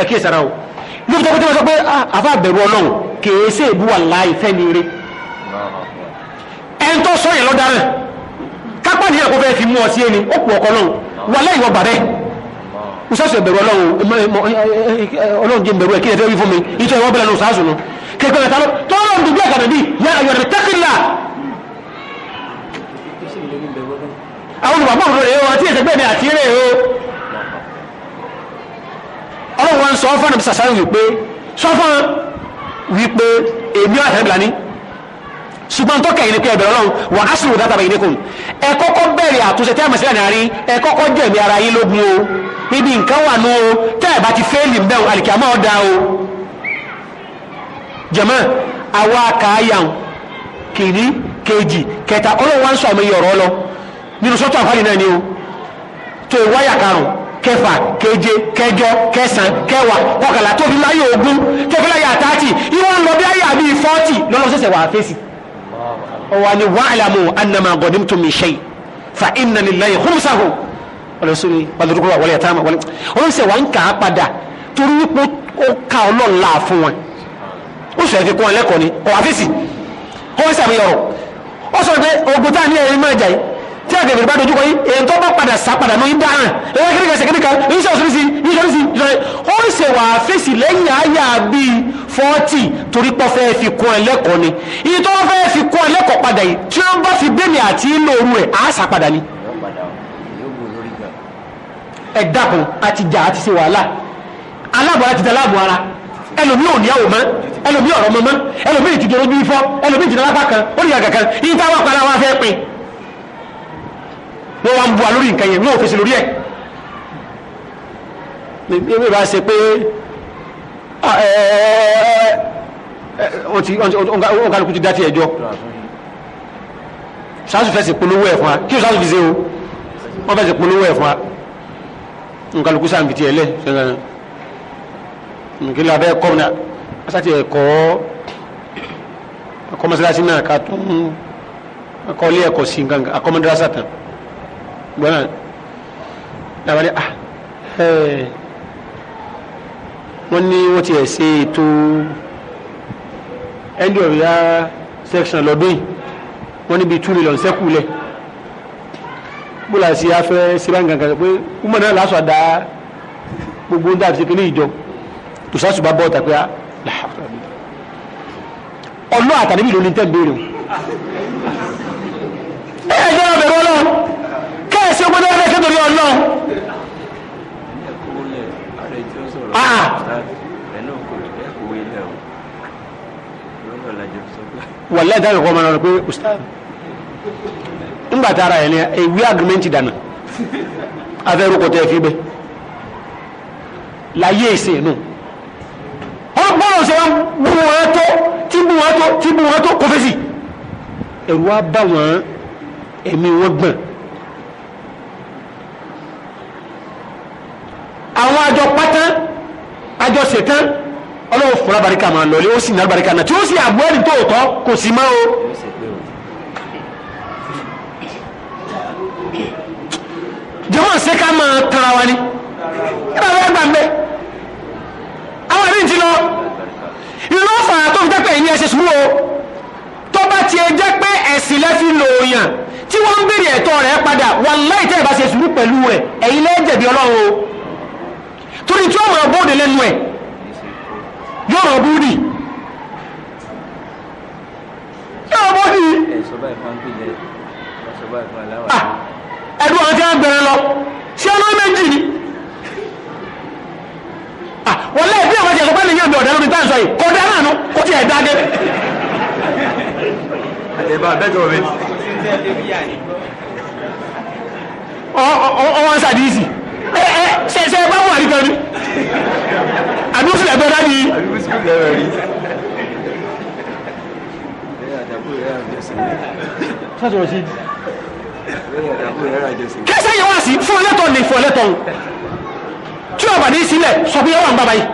ẹ kí sara o lóòótọ́ kó tí wọ́n sọ pé ah, àfa bẹ̀rù ọlọ́run kèé sí èbú wà láì fẹ́ ni eré ẹ̀ ń tọ́ sọ yẹn lọ́daràn kápá nìyẹn kó fẹ́ fi mú ọ sí ẹni ó kù ọkọ lọ́run wà lẹ́yìn ọgbà bẹ́ẹ̀ ìsọ̀sọ̀ ìbẹ̀rù ọlọ́run ọlọ́run jẹ́ ìbẹ̀rù ẹ̀ kí ẹ fẹ́ wí fún mi ìtọ́ ìwọ́ bẹ̀rẹ̀ lọ́sàásùn náà kékeré sálọ tọ́lọ̀ ń dùgbẹ́ kàdé bíi yá ayọ̀ rẹ̀ tẹ́kìlá. àwọn olùbàbọ̀ òdo rèé wọn tí èsè gbẹ̀mí àti eré o. ọlọ́run wọn sọ fún ẹnìbísà sáré wípé sọ fún wípé èmi àtẹ̀ bìlání ṣùgbọ́n tó kẹ̀yìn ni pé ẹ̀bẹ̀rẹ̀ ọlọ́run wà á sùn dáta bẹ̀yìn nìkún ẹ kọ́kọ́ bẹ̀rẹ̀ àtúnṣe tẹ́ àmọ̀sílẹ̀ náà rí ẹ kọ́kọ́ jẹ̀bi ara yín lógun o níbi nǹkan wà nù o tẹ́ ẹ̀ bá ti fẹ́ẹ́lì mbẹ́ o àlìkàmọ́ ọ̀dà o jama àwa kàáyàn kìíní kejì kẹta ọlọ́run wá ń sọ àmì ọ̀rọ̀ lọ nínú sọ́tọ̀ àfáàlì náà ni o tó wáyà karùn kẹfà keje kẹjọ kẹsàn kẹwàá kọkànlá tó fi láyé ogún tó fi láyé àtàtì ìwọ̀n lọ bí ayé àbí fọ́tì lọ́nà sẹ̀sẹ̀ wà á fèsì ọwà ni wa'lamu annama qadimtum min shay fa inna lillahi khumsahu ọlọ́sùnmi balùwẹ̀ wọlé ẹ̀tàmà wọlé ọlọ́sẹ̀ wà ń kà á padà torí wípé ó ka ọlọ́ọ̀la fún wọn ó sì ẹ̀fẹ̀ kún ẹ lẹ́kọ̀ọ́ ni kọ̀ àfíìsì kọ́ ẹ sàmì ọ̀rọ̀ ó sọ pé ogun tá a ní ẹ̀rí máa jà yìí tí a gẹ̀gẹ̀ bá dojú kọ yìí èyí tó bá padà sá padà mọ́ ìdá hàn ẹ̀yà kíríkà ṣe kíríkà ìṣe òṣìṣì ìṣe òṣìṣì ìṣe ó ṣe wà àfíìsì lẹ́yìn àyà bíi fọ́ọ̀tì torí pọ́ fẹ́ fi kún ẹ ni iye tó wọ́n fẹ́ fi kún ẹ padà yìí tí wọ́n bá fi bẹ́ẹ̀ni àti ìlòru ẹ̀ á sá padà ni. ẹ dákun àti jà àti ṣe wàhálà aláàbò àti dàláàbò ara ẹlòmí ò níyàwó mọ́ ẹlòmí ọ̀rọ̀ mọ́ mọ́ ẹlòmí ìtìjọ lójú ifọ́ ẹlòmí ìtìjọ lápá kan ó ní àgàkan yìí tá wà padà wá fẹ́ pin wọ́n wá ń bu alórí nǹkan yẹn wọ́n ò fèsì lórí ẹ̀ ewé bá ṣe pé ọ̀kàlùkù ah, ti dá tiẹ̀ jọ sáàsù fẹsẹ̀ polówó ẹ̀ fún wa kí o sáàsù fi ṣe o wọ́n fẹsẹ̀ polówó ẹ̀ fún wa ọ̀kàlùkù sáà ń fi tiẹ̀ lẹ̀ fẹ́ràn nìkí la bẹ́ẹ̀ kọ́ mi náà asati ẹ̀kọ́ ẹ̀kọ́ mọ́sálásí náà ká tún ẹ̀kọ́ ilé ẹ̀kọ́ sí nǹkan kan akọ́ mọ́dúrásá tán gbọ́n náà dábàá ní ah ẹ̀ẹ́ eh. wọ́n ní wọ́n ti ẹ̀ ṣe ètò end of year section lọ́dún yìí wọ́n níbi two million sẹ́kù lẹ̀ bóla sí afẹ́ síbáǹgàǹgà pé wọ́n náà lásọ̀ dá gbogbo ń dàbí sí kí ní tòṣàṣù bá bọ́ọ̀tà pé ọlọ́ àtàlẹ́bí ló ní tẹ́ gbèrò ẹ̀ẹ́dẹ́ ọ̀bẹ̀rẹ̀ ọlọ́run kẹ́ẹ̀sì ọgbọ́n náà rẹ̀ kẹ́tọ̀rí ọlọ́run wà lẹ́ẹ̀dá ìkọ́ ọmọ náà pé ustaz ńgbàtà ara ẹ̀ ní ewé agrimenti dànù afẹ́rúkọ tẹ́ fi bẹ́ láyé ìsìn náà ọgbọ́n ṣe wọ́n bú wọn tó tí bú wọn tó tí bú wọn tó kò fèsì ẹ̀rù wá bá wọn ẹ̀mí wọn gbọ̀n àwọn àjọ pátá àjọ ṣètán ọlọ́wọ́ fún alábàríkà máa lọ lé ó sì ní alábàríkà náà tí ó sì àgbọ́ ẹ̀rí tó tọ́ kò sí mọ́ o. jẹ́wọ́n ṣe ká máa tara wa ni. wọ́n ń bèrè ẹ̀tọ́ rẹ̀ padà wàláhì tẹ́ ẹ̀ sùúrù pẹ̀lú rẹ̀ ẹ̀yin lẹ́ ọlọ́run o torí tí ó mọ̀ lẹ́nu ẹ̀ yóò rọ̀ búdì yóò rọ̀ búdì. Ah, ẹ̀dùn àwọn tí wọ́n bẹ̀rẹ̀ lọ sí ọmọ méjì ni ah, wàláhì bí àwọn jẹ̀kọ́ bá lè yàn ọ̀dà lórí táǹsọ̀ yìí kọ̀ọ̀dà náà nù kó tiẹ̀ dáadé. àtẹ̀bá bẹ́ẹ̀ tó o bẹ́ẹ̀ ọwọ́n sàdíìsì ṣẹ̀ṣẹ̀ bá wà nìkan ni àbí òsì lẹ́gbẹ́ dání. kẹsẹ̀ yẹn wá sí fún ọlẹ́tọ̀ ní fún ọlẹ́tọ̀ ń tí ọba ní sílẹ̀ sọ bí ọwọ́ ń bàbá yìí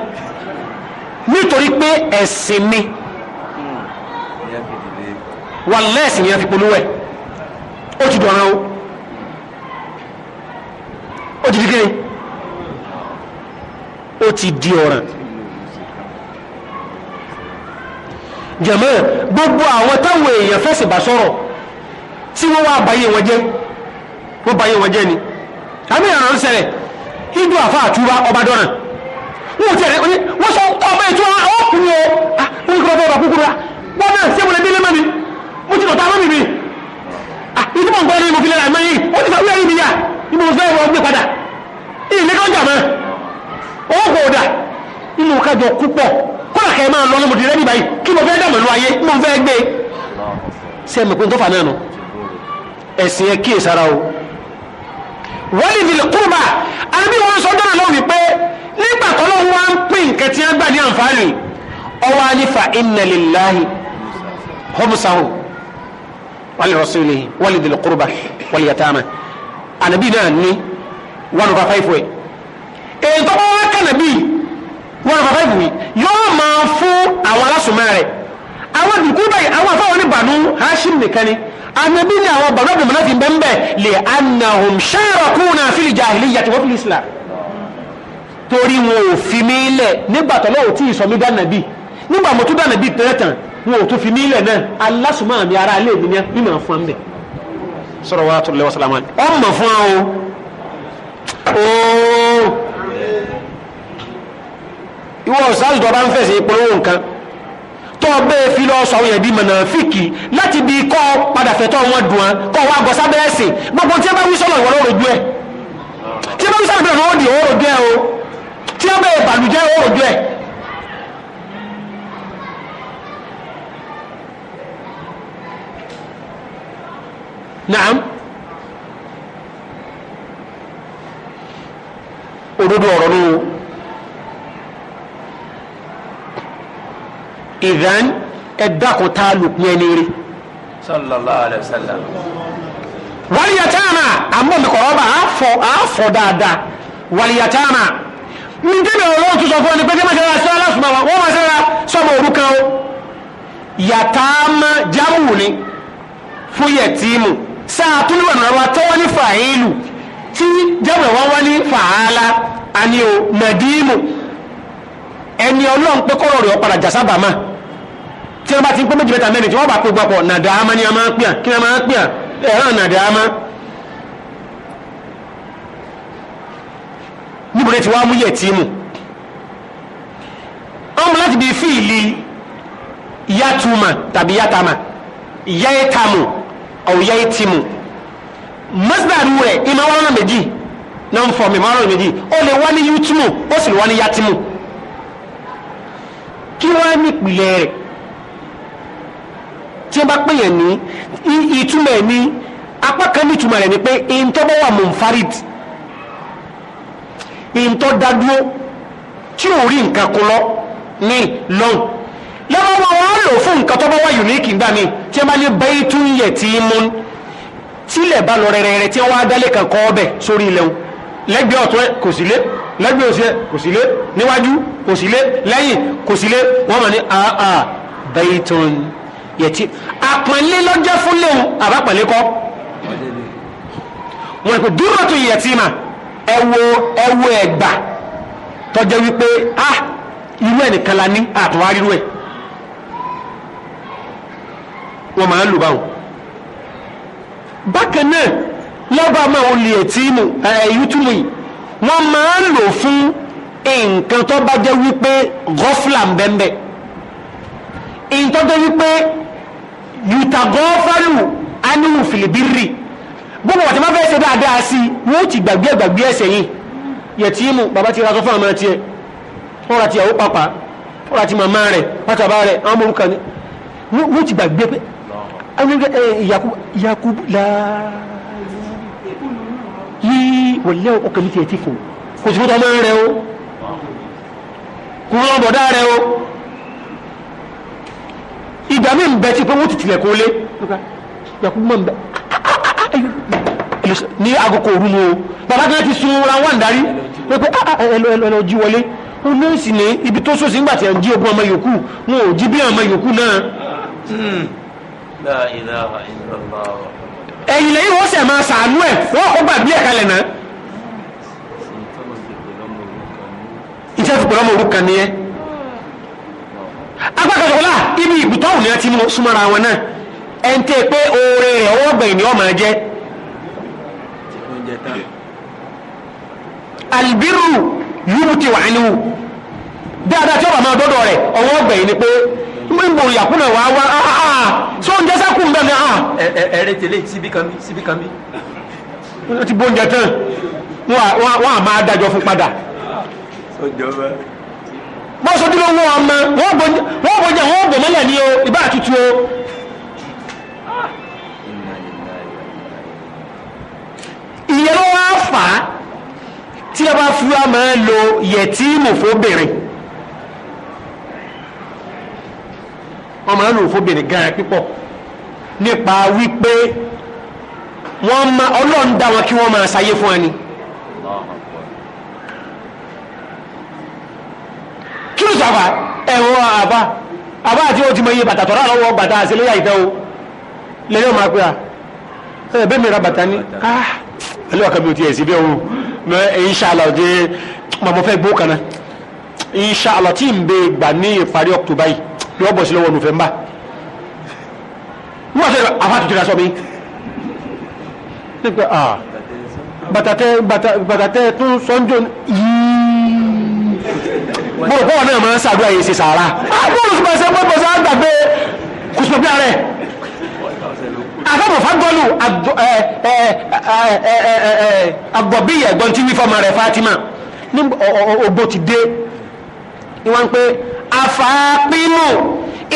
nítorí pé ẹ̀sìn ni hmm. wàlẹ́sìn yẹn fi polówó ẹ̀. ó ti dọ̀rọ̀ o ó ti di o ti di ọ̀ràn jẹ̀mọ́ gbogbo àwọn táwọn èèyàn fẹ́ bá sọ̀rọ̀ tí wọ́n wá báyé wọn jẹ́ wọ́n báyé jẹ́ ni àmì ìrànà ń ṣẹlẹ̀ hindu àfa àtúbá ọba dọ́ràn wọ́n ti ẹ̀rẹ́ wọ́n sọ ètò àwọn o ah, wọ́n kọ́ kúkúrú náà mọ́ mi mo ìdí mọ̀ nǹkan ní mo fi lẹ́la mọ́ yìí ó ti sàwé ẹ̀rí mi yá ni mo fẹ́ wọ gbé padà ìlé kan jà mọ́ owó kò dà nínú kájọ kú pọ̀ kọ́lá kẹ́ máa lọ lọ́mọdé rẹ́bí báyìí kí mo fẹ́ dàmọ̀ lọ ayé mo fẹ́ gbé ṣe mọ̀ pé n tó fà náà nù ẹ̀sìn ẹ̀ kíyè sára o wọ́n lè dìlẹ̀ kúrúbà àbí wọn sọ dáná lọ́wọ́ wípé nígbà tó lọ́wọ́ wa ń pín nǹkan tí wọ́n gbà ní àǹfààní ọwọ́ á inna lillahi hubsahu wali rasulihi wali dil qurba wali yatama anabi náà ní one over five way èyí tó bá wá kànábì one over five way yóò máa fún àwọn alásùnmọ́ rẹ̀ àwọn dùkú báyìí àwọn afáwọn ní bànú hashim nìkan ni anabi ní àwọn bànú abdul manafi bẹ́ẹ̀ lè anahum sharakuna fil jahiliyyati wa fil islam torí wọn ò fi mí lẹ̀ nígbà tó lọ́wọ́ tí ìsọ̀mí dá nàbí nígbà mo tún dá wọn ò tún fi nílẹ̀ náà alásùmọ́ àmì ara ilé mi ní mímọ̀ fún mi. sọ̀rọ̀ wa tó lẹ́wọ́ sálámà ni. wọ́n mọ̀ fún ọ o. ìwọ ọ̀sáàsì tó bá ń fẹ̀sẹ̀ ìpolówó nǹkan tó o bẹ́ẹ̀ fi lọ sọ àwọn yẹn di mọ̀nàfíìkì láti bí kọ́ padà fẹ̀tọ́ wọn dùn án kọ́ wa gọ sábẹ́ ẹ̀sìn gbogbo tí ẹ bá wí sọ́nà ìwọ lóòrò ju ẹ̀ tí ẹ bá wí sọ́nà ìbẹ̀rẹ̀ lóòrò di o tí ẹ bẹ́ẹ̀ bàlùjẹ́ òórò ju naam òdodo ọ̀rọ̀ ló ìdán ẹ̀dá kan tá a lò pín ẹni rí. sallallahu alayhi wa sallam. wàlíyàtàmà àmọ́ mi kọ̀ọ̀bà àfọ̀ àfọ̀ dáadáa wàlíyàtàmà mi tẹ́lẹ̀ ọlọ́run tó sọ fún ẹni pé kí wọ́n máa ṣe ra sí aláṣùmọ̀ wọ́n máa ṣe ra sọ́mọ òrukàn o yàtàmà sáà tún níwọ̀n rẹ̀ wa tọ́wọ́ ní fàáìlù tí jẹ́wọ̀ wá wá ní fàálà àní o nàdíìmù ẹni ọlọ́run pé kọ́rọ̀ rẹ̀ ọ̀padà jà sábà máa tí wọ́n bá ti ń pé méjì mẹ́ta mẹ́rin tí wọ́n bá ama ni a máa ń pè à kí ni a máa ń pè à ẹ̀rọ nàdàámá. ọ̀wùyá ìtìmù masdar rẹ̀ ìmọ̀ wọn náà méjì náà ń fọ̀ mímọ́ ọ̀rọ̀ méjì ó lè wá ní yútìmù ó sì lè wá ní yátìmù kí wọ́n á ní ìpìlẹ̀ rẹ̀ tí wọ́n bá pèèyàn ní ìtumọ̀ ẹ̀ ní apá kan ní ìtumọ̀ rẹ̀ ni pé ìntọ́bọ̀ wà munfarid ìntọ́ dádúró tí ò rí nǹkan kó lọ ní lọ́hùn lọ́wọ́ wọn wọ́n lò fún bá wà unique gbà mí tí wọ́n bá ní baytun yatimun tílẹ̀ bá lọ rẹ̀rẹ̀rẹ̀ tí wọ́n á dálé kan kọ́ ọbẹ̀ sórí ilẹ̀ wọn lẹ́gbẹ̀ẹ́ ọ̀tún ẹ̀ kò sí lé lẹ́gbẹ̀ẹ́ òsì ẹ̀ kò sí lé níwájú kò sí lé lẹ́yìn kò sí lé wọ́n mọ̀ ní àà baytun yẹtí àpọ̀nlé lọ́jọ́ fún léwu àbápọ̀nlé kọ́ wọ́n rẹ̀ dúró tó yẹtí mà ẹ wo ẹ tọ́jọ́ wípé ah irú ẹ̀ nìkan la ní àtúwárí rú ẹ̀ wọ́n máa ń lò báwọn bákan náà lọ́ba máa ò lè tí mù ẹ̀yútùmù yìí wọ́n máa ń lò fún nǹkan tó bá jẹ́ wípé gọ́fìlà ń bẹ́ńbẹ́ nǹkan tó wípé yutagọ́fàlù aniwu filibiri gbogbo wàtí máa fẹ́ ṣe dáadáa sí wọ́n ti gbàgbé gbàgbé ẹ̀sẹ̀ yìí yẹ̀tíìmù bàbá ti ra sọ fún àmọ́ tiẹ̀ wọ́n ra ti ìyàwó pàpà wọ́n ra ti màmá rẹ̀ pátàbá rẹ̀ àwọn ọmọ orúkọ ni wọ́n ti gbàgbé pé yakubu laa yí wòlẹ́ ọkàn mi tiẹ̀ ti fò kò sí rẹ o kò rán rẹ o ìgbà mi ń bẹ ti pé wọ́n ti tilẹ̀ kó lé yakubu mọ̀ ń bẹ ní agoko òru mu o bàbá kan ti sun ra wà ń darí wọ́n pe ẹlọ ẹlọ ẹlọ jí wọlé ó ní sì ní ibi tó sòsì ńgbà tí à ń jí ogún ọmọ yòókù wọn ò jí bí ọmọ yòókù náà ẹ̀yìn lẹ́yìn wọ́n sẹ̀ máa sàánú ẹ̀ wọ́n kó gbàgbé ẹ̀ kalẹ̀ náà. ìtẹ́ fi pẹ̀lú ọmọ orúkọ ni ẹ́ agbákejọ́lá ibi ìbùtọ́ òní àti inú súnmọ́ra wọn náà ẹ̀ ń tẹ́ pé oore rẹ̀ ọwọ́ gbẹ̀yìn ni ọ máa jẹ́ albiru yúbùtì wà dáadáa tí ó máa dọ́dọ̀ rẹ̀ ọwọ́ gbẹ̀yìn ni pé nígbò ìyàkúnlẹ̀ wà wá ah, ah, ah. ṣé oúnjẹ sẹ́kù ń bẹ̀ ní à. ẹ̀rẹ́ tẹ̀lé síbí kan bí síbí kan bí. wọ́n ti bóúnjẹ tán wọ́n á máa dájọ́ fún padà. wọ́n sọ dúró wọn ọmọ wọ́n bóúnjẹ wọ́n bò mọ́lẹ̀ ní o ìbá àtútù o. ìyẹn ló wá fà á tí a bá fi wá máa lo yẹtí mòfó bèrè. wọ́n máa ń lò fóbìnrin gan-an pípọ̀ nípa wípé wọ́n ma ọlọ́run dá wọn kí wọ́n máa ṣayé fún ẹni. kí ló sàfà ẹ̀wọ̀n àbá àbá àti o ti mọ iye bàtà tọ́ra lọ́wọ́ bàtà àṣẹlẹ́yà ìtẹ́ o lẹ́yìn ọmọ àpẹ́ à ẹ̀ bẹ́ẹ̀ mi ra bàtà ni ah ẹlẹ́ ọ̀kan mi ò tiẹ̀ sí bẹ́ẹ̀ o mẹ inṣàlá ọ̀dẹ́ màmú gbó kan náà inṣàlá tí n bẹ gbà ní ìparí October yìí yọ bọ̀ sí lọ́wọ́ November wọ́n sọ àfa tuntun aṣọ mi bàtàtẹ bàtàtẹ tún sọ́njọ́ yìí bọ́ọ̀ bọ́ọ̀ náà máa ń ṣàdúrà yìí ṣe sàárà bọ́ọ̀lù tó máa ṣe pé bọ́ọ̀sẹ̀ àgbàgbé kùsùpẹ̀pẹ̀ rẹ̀ àtàbọ̀ fagbọ́ọ̀lù àgbọ̀bíyà ẹ̀gbọ́n tí wí fọ́ọ̀mà rẹ̀ Fatima ní ogbó ti dé ni wọ́n ń pè afaapimu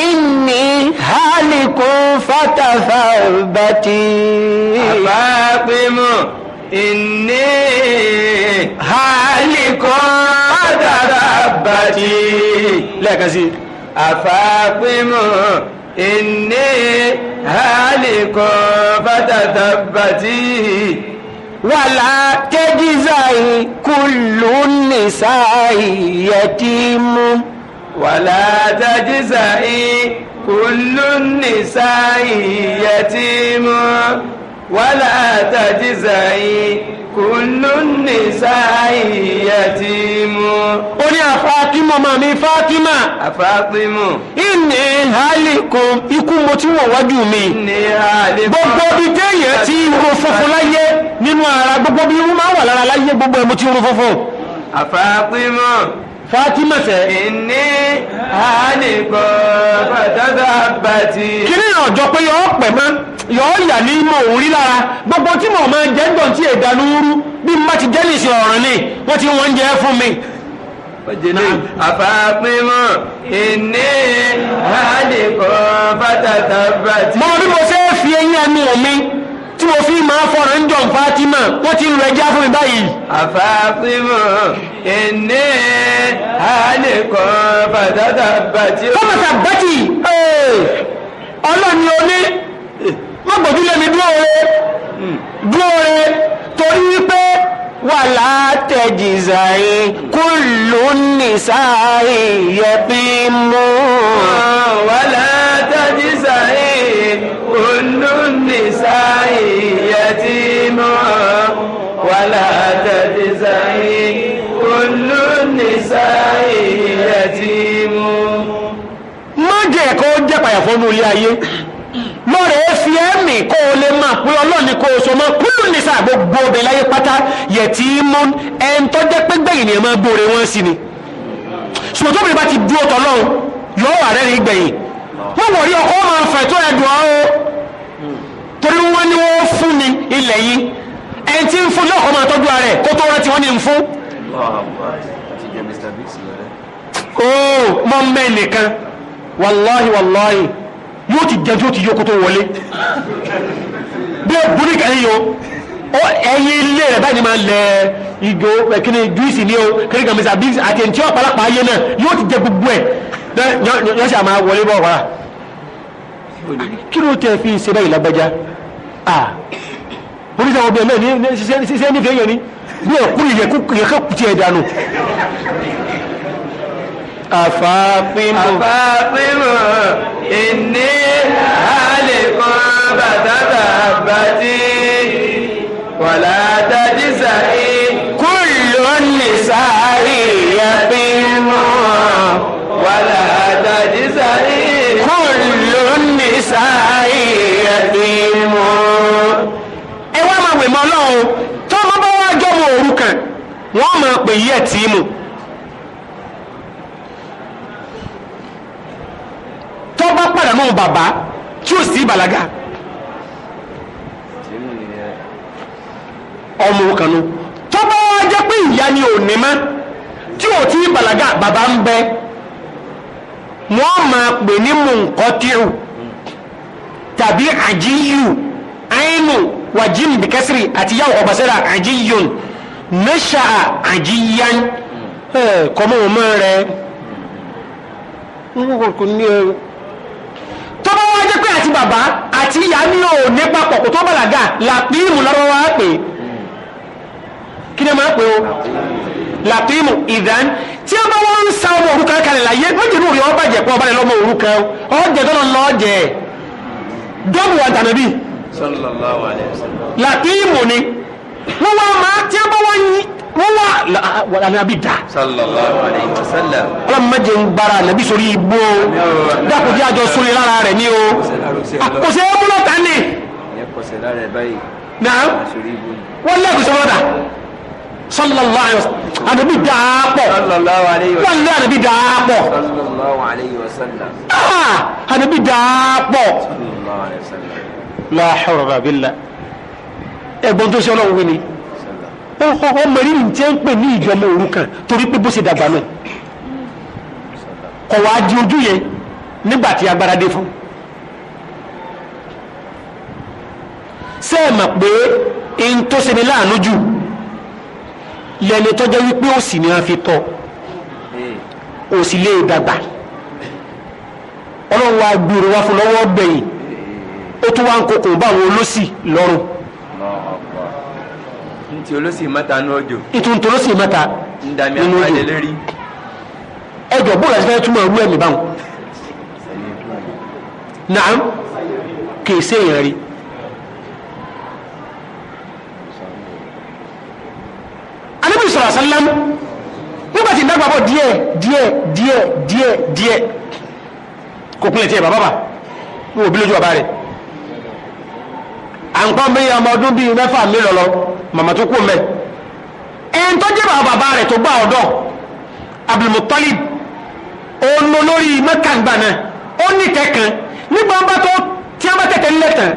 inni haliku fatafabbati. afaapimu inni haliku fatafabbati. lẹ́ẹ̀kan sí i inni haliku fatafabbati wàlá tẹ́jísàì kùlù nìsàì yẹtìmù. wàlá tẹ́jísàì kùlù nìsàì yẹtìmù. wàlá tẹ́jísàì kùlù nìsa ìyàtìmù. ó ní àfáàkímọ̀ máa mi fáàkímà. àfáàkímọ̀. ìní hálìkò ikú mo ti wọ̀ wájú mi. ìní hálìkò. gbogbo bí téèyàn ti ro funfun láyé nínú ara gbogbo bí irú máa wà lára láyé gbogbo ẹ̀ mo ti ro funfun. àfáàkímọ̀. Fatima sẹ. ìní àánìkọ bàtàdà bàtì. kíní ọjọ́ pé yọ pẹ̀ mọ́ yọ yà ní mọ̀ òun rí lára gbogbo tí mo máa jẹ́ gbọ̀n tí èdè alúurú bí mo bá ti jẹ́ nìṣẹ́ ọ̀ràn ni wọ́n ti wọ́n ń jẹ́ fún mi. Ojele àfàpímọ̀ ìní àánìkọ bàtàdà bàtì. Mo ní mo ṣe é fi eyín ẹnu mi tí mo fi máa fọ̀rọ̀ ń jọ̀n Fatima wọ́n ti ń lọ ẹja fún mi báyìí. àfàfimọ ẹni àlè kan bàtàtà bàtì. bàtàtà bàtì ọlọ́ni oní má gbòdú lẹ́mi dúró re torí wípé wàlá tẹ̀jìzà yìí kó ló ní sáà yẹ bí mú. wàlá tẹ̀jìzà yìí. النساء يتيم ولا تجزعي كل النساء يتيم má jẹ́ ẹ̀kọ́ jẹ́ pàyà fọ́nú ilé ayé lọ́rẹ̀ ẹ fi ẹ̀mí kó o lè máa pé ọlọ́run ni kó o so mọ́ kúlù nìsa gbogbo ọbẹ̀ láyé pátá yẹ̀tí mọ́ ẹn tó jẹ́ pé gbẹ̀yìn ni ẹ máa gbòòrè wọn sí ni ṣùgbọ́n tóbi bá ti dúró tọ́lọ́run yọ̀ọ́ wà rẹ́rìn gbẹ̀yìn wọ́n wọ̀ rí ọkọ̀ máa fẹ̀ tó ẹ̀dùn ọ́ torí wọ́n ní wọ́n fún ni ilẹ̀ yìí ẹni tí ń fún ní ọkọ̀ máa tọ́jú ara ẹ̀ kó tó rántí wọ́n ní ń fún. ooo mọ mẹ́ nìkan wàláhi wàláhi yóò ti jẹ́ tí ti yókù tó wọlé bí ó burú kẹ́yìn o ó ẹyin ilé rẹ̀ báyìí ni máa lẹ̀ ìgò kíni juice ni o kíni kan mr biggs àti ẹni tí ó pàlápàá ayé náà yóò ti jẹ gbogbo ẹ̀ yọ́n ṣe àmà wọlé bọ̀ wàrà kí ló tẹ fi ṣe báyìí lágbájá à oríṣi àwọn ọbẹ̀ náà ní ṣiṣẹ́ nífẹ̀ẹ́ yẹn ni bí ẹ̀kú ìyẹ̀kẹ́ kùtì ẹ̀ dànù. àfàpínmù ìní àlè kan bàtàtà bàtí wàlá dájísà yìí. wọ́n máa pè yí ẹ̀ tí mu tó bá pàdánù bàbá tí ó sì balaga ọmọ kanu tó bá wá jẹ́ pé ìyá ni ò ní mọ́ tí ó tí balaga bàbá ń bẹ wọ́n máa pè ní mùnkọ́tìrù tàbí àjíyù àínú wàjíǹ bìkẹ́sìrì àti yàwó ọ̀bàṣẹ́ra àjíyùn. mẹ́ṣà àjíyán kọmọ ọmọ rẹ̀ tó bá wá jẹ́ pé àti bàbá àti ìyá ní ò ní papọ̀ kò tó bàlágà làpíìmù lọ́rọ̀ wá pè kí ni máa pè o làpíìmù ìdán tí a bá wọ́n ń sa ọmọ òrukàn kalẹ̀ láyé méjìlú rí ọ bàjẹ́ pọ̀ balẹ̀ lọ́mọ òrukàn ọ̀jẹ̀ tó lọ lọ́ọ̀jẹ̀ dọ́bù wa tànàbí làpíìmù ni wọ́n wá máa tí a bá wá yí wọ́n wá wàlá nàbí dà. sallallahu alayhi wa sallam. ọlọ́mọ jẹ́ ń gbára nàbí sórí igbó dákòjá àjọ sórí lára rẹ̀ ní o àkọsẹ́ ẹ̀múlọ̀ ta ni. na wọ́n lé àkọsẹ́ mọ́ta sallallahu alayhi wa sallam àdàbí dàá pọ̀ wọ́n lé àdàbí dàá pọ̀ àdàbí dàá pọ̀ la hawla wala quwwata ẹ̀gbọ́n tó ṣe ọlọ́run wí ni ọkọ̀ mẹ́rin ní tí ń pè ní ìjọ ọmọ òrukàn torí pé bó ṣe dàgbà náà kọ̀ wá di ojú yẹn nígbà tí agbára dé fún ṣé ẹ mọ̀ pé in tó ṣe ni láàánú jù lẹni tọ́jọ́ wípé òsì ni wọ́n fi tọ́ òsì lè dàgbà ọlọ́run wa gbèrò wá fún lọ́wọ́ gbẹ̀yìn ó tún wá ń kokò bá àwọn olóṣì lọ́rùn ntí olóṣì mẹ́ta ní ọjọ́. ìtúntò olóṣì mẹ́ta nínú ọjọ́ ẹjọ bóyá ti fẹ́ túmọ̀ ọdún ẹ̀mí báwọn. naam kìí séèyàn rí. anabi sọ̀rọ̀ sálám nígbà tí dàgbà bọ̀ díẹ̀ díẹ̀ díẹ̀ díẹ̀ díẹ̀ kò kúnlẹ̀ tiẹ̀ bàbá bà wọ́n ò bí lójú bàbá rẹ̀ à ń kọ́ bí ọmọ ọdún bíi mẹ́fà mi lọ́lọ́ màmá tó kú mẹ́ ẹni tó jẹ́ bàbá bàbá rẹ̀ tó gbà ọ̀dọ́ Abdulmutalib òun olórí Mẹ́kà ńgbà náà ó ní kẹ̀kẹ́ nígbà bá tó tí a bá tẹ̀tẹ̀ ńlẹ̀ tán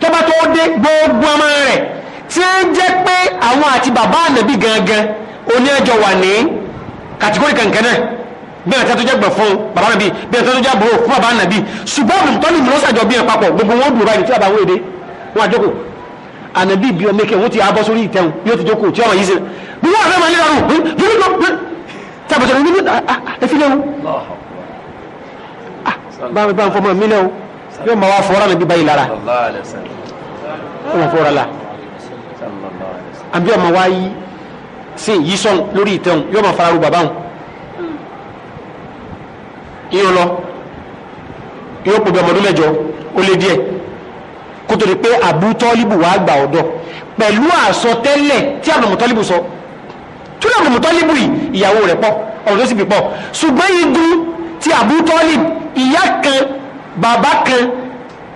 tó bá tó dé gbogbo ọmọ rẹ̀ tí ó jẹ́ pé àwọn àti bàbá ànàbí gangan oní ẹjọ́ wà ní kàtíkórì kankan náà bí ẹ̀ta tó jẹ́ gbẹ̀ fún bàbá ànàbí bí ẹ̀ta tó jẹ́ àbúrò fún bàbá ànàbí ṣùgbọ́n Abdulmutalib lọ́sàjọ́ bí ẹ̀ papọ̀ gbogbo wọn dùn báyìí tí bàbá wọn èdè wọn àjókòó ànàbí ibi ọmọ ẹkẹ wọn ti abọ́ sórí ìtẹ̀hún yóò ti jókòó tí ọmọ yìí sẹ bí wọn àfẹ́ máa lé lọ́rùn tàbí sọ̀rọ̀ níbi ẹfi lẹ́wọ́ báwo bá ń fọmọ mi lẹ́wọ́ yóò máa wá fọ́ra níbi báyìí lára yóò máa fọ́ra la àbí ọmọ wa yìí sí yìí sọ̀n lórí ìtẹ̀hún yóò máa fara ru bàbá wọn yóò lọ yóò pọ̀ bí ọmọdún mẹ́jọ ó lé díẹ̀ kótó de pé Abu Tọ́líbù wàá gbà ọ̀dọ̀ pẹ̀lú àsọtẹ́lẹ̀ tí Abu Tọ́líbù sọ tí Abu Tọ́líbù yìí ìyàwó rẹ̀ pọ̀ ọ̀rọ̀ tó sì fi pọ̀ ṣùgbọ́n igun ti Abu Tọ́líbù ìyá kan bàbá kan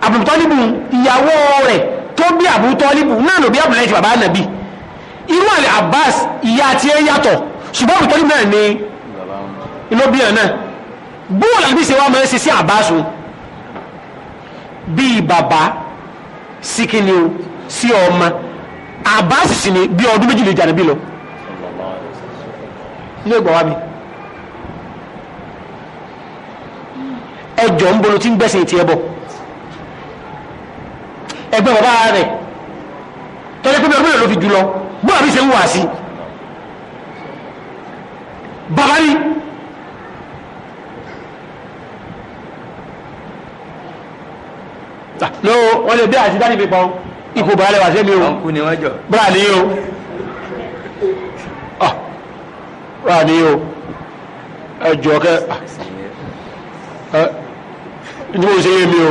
Abu Tọ́líbù ìyàwó rẹ̀ tó bí Abu Tọ́líbù náà ló bí abúlé ti bàbá nàbí irú àlẹ́ Abbas ìyá àti ẹ̀ yàtọ̀ ṣùgbọ́n Abu Tọ́líbù náà ni inú bí ẹ̀ náà bóòlù àbí ṣe wá máa ń ṣe sí Abbas bí bàbá sí kíni o sí ọmọ àbáàsì sì ni bí ọdún méjì lè jà níbí lọ ilé ìgbà wa mi ẹjọ ń bolo tí ń gbẹ̀sìn tiẹ̀ bọ̀ ẹgbẹ́ bàbá rẹ̀ tọ́jú pé bí ló fi jù lọ bó àbí ṣe ń wà sí bàbá rí. lo wọ́n lè bí àti dání mi pọ́n ikú bàálẹ̀ wà sí mi o bra ni o bra ni o ẹ jọ kẹ ẹ ní mo ṣe yé mi o.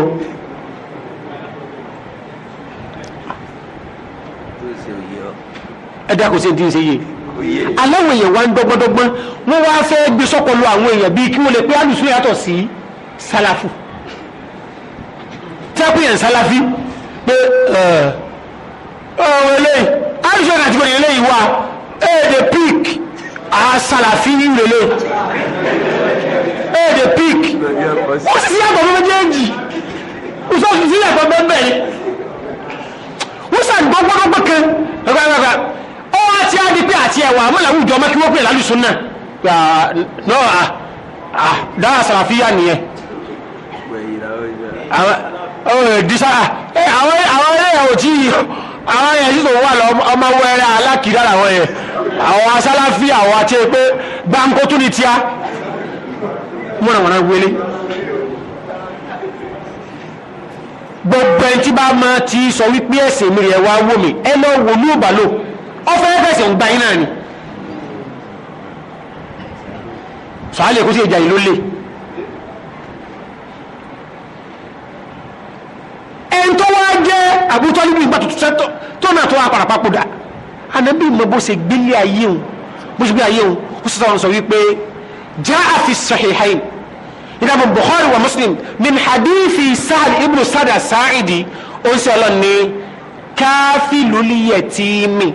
ẹ dákun sí ti ń ṣe yé aláwọ̀ èèyàn wá ń dọ́gbọ́ndọ́gbọ́n wọ́n wá fẹ́ gbé sọ́kọlù àwọn èèyàn bíi kí wọ́n lè pé alùsùn yàtọ̀ sí sálàfù tí a pè yẹn sálàfí pé ọ̀rọ̀ eléyìí àìsàn àti ìgbòho eléyìí wà èdè pík àsálàfí rèlé èdè pík ó sì sí àgbà méjèèjì ó sọ sí àgbà bẹ́ẹ̀ ni ó sàn gbọ́ gbọ́dọ́gbọ́ kan rárá ó wá ti á di pé àti ẹ̀wà amúlàwùjọ ọmọ kí wọ́n pè lálùsùn náà náà ah, ah, dáhà sàlàfíà nìyẹn. àwọn ẹlẹ́yàwó tí àwọn yẹn sì tó wà lọ ọmọ wẹ́rẹ́ alákìdára àwọn yẹn àwọn asálàfí àwọn àti pé gbáǹkó tún ní tíá mọ̀nàmọ̀nà wele gbogbo ẹni tí bá máa ti sọ wípé ẹ̀sìn mi wá wò mí ẹ lọ wò ní ń gba yín náà ni sọ sí ìjà yìí ló lè. ẹni tó wá jẹ́ àbútọ́líbù ìgbà tuntun sẹ́tọ̀ tó náà tó wá parapapòdà anabi mọ bó ṣe gbélé ayé òun bó ṣe gbé ayé òun ó sọ sọ wípé jaa fi sahihayn ìdàbọ̀ bukhari wa muslim min hadithi sahal ibn sada sa'idi ó ń sọ lọ ní káfílùlì yẹtìmí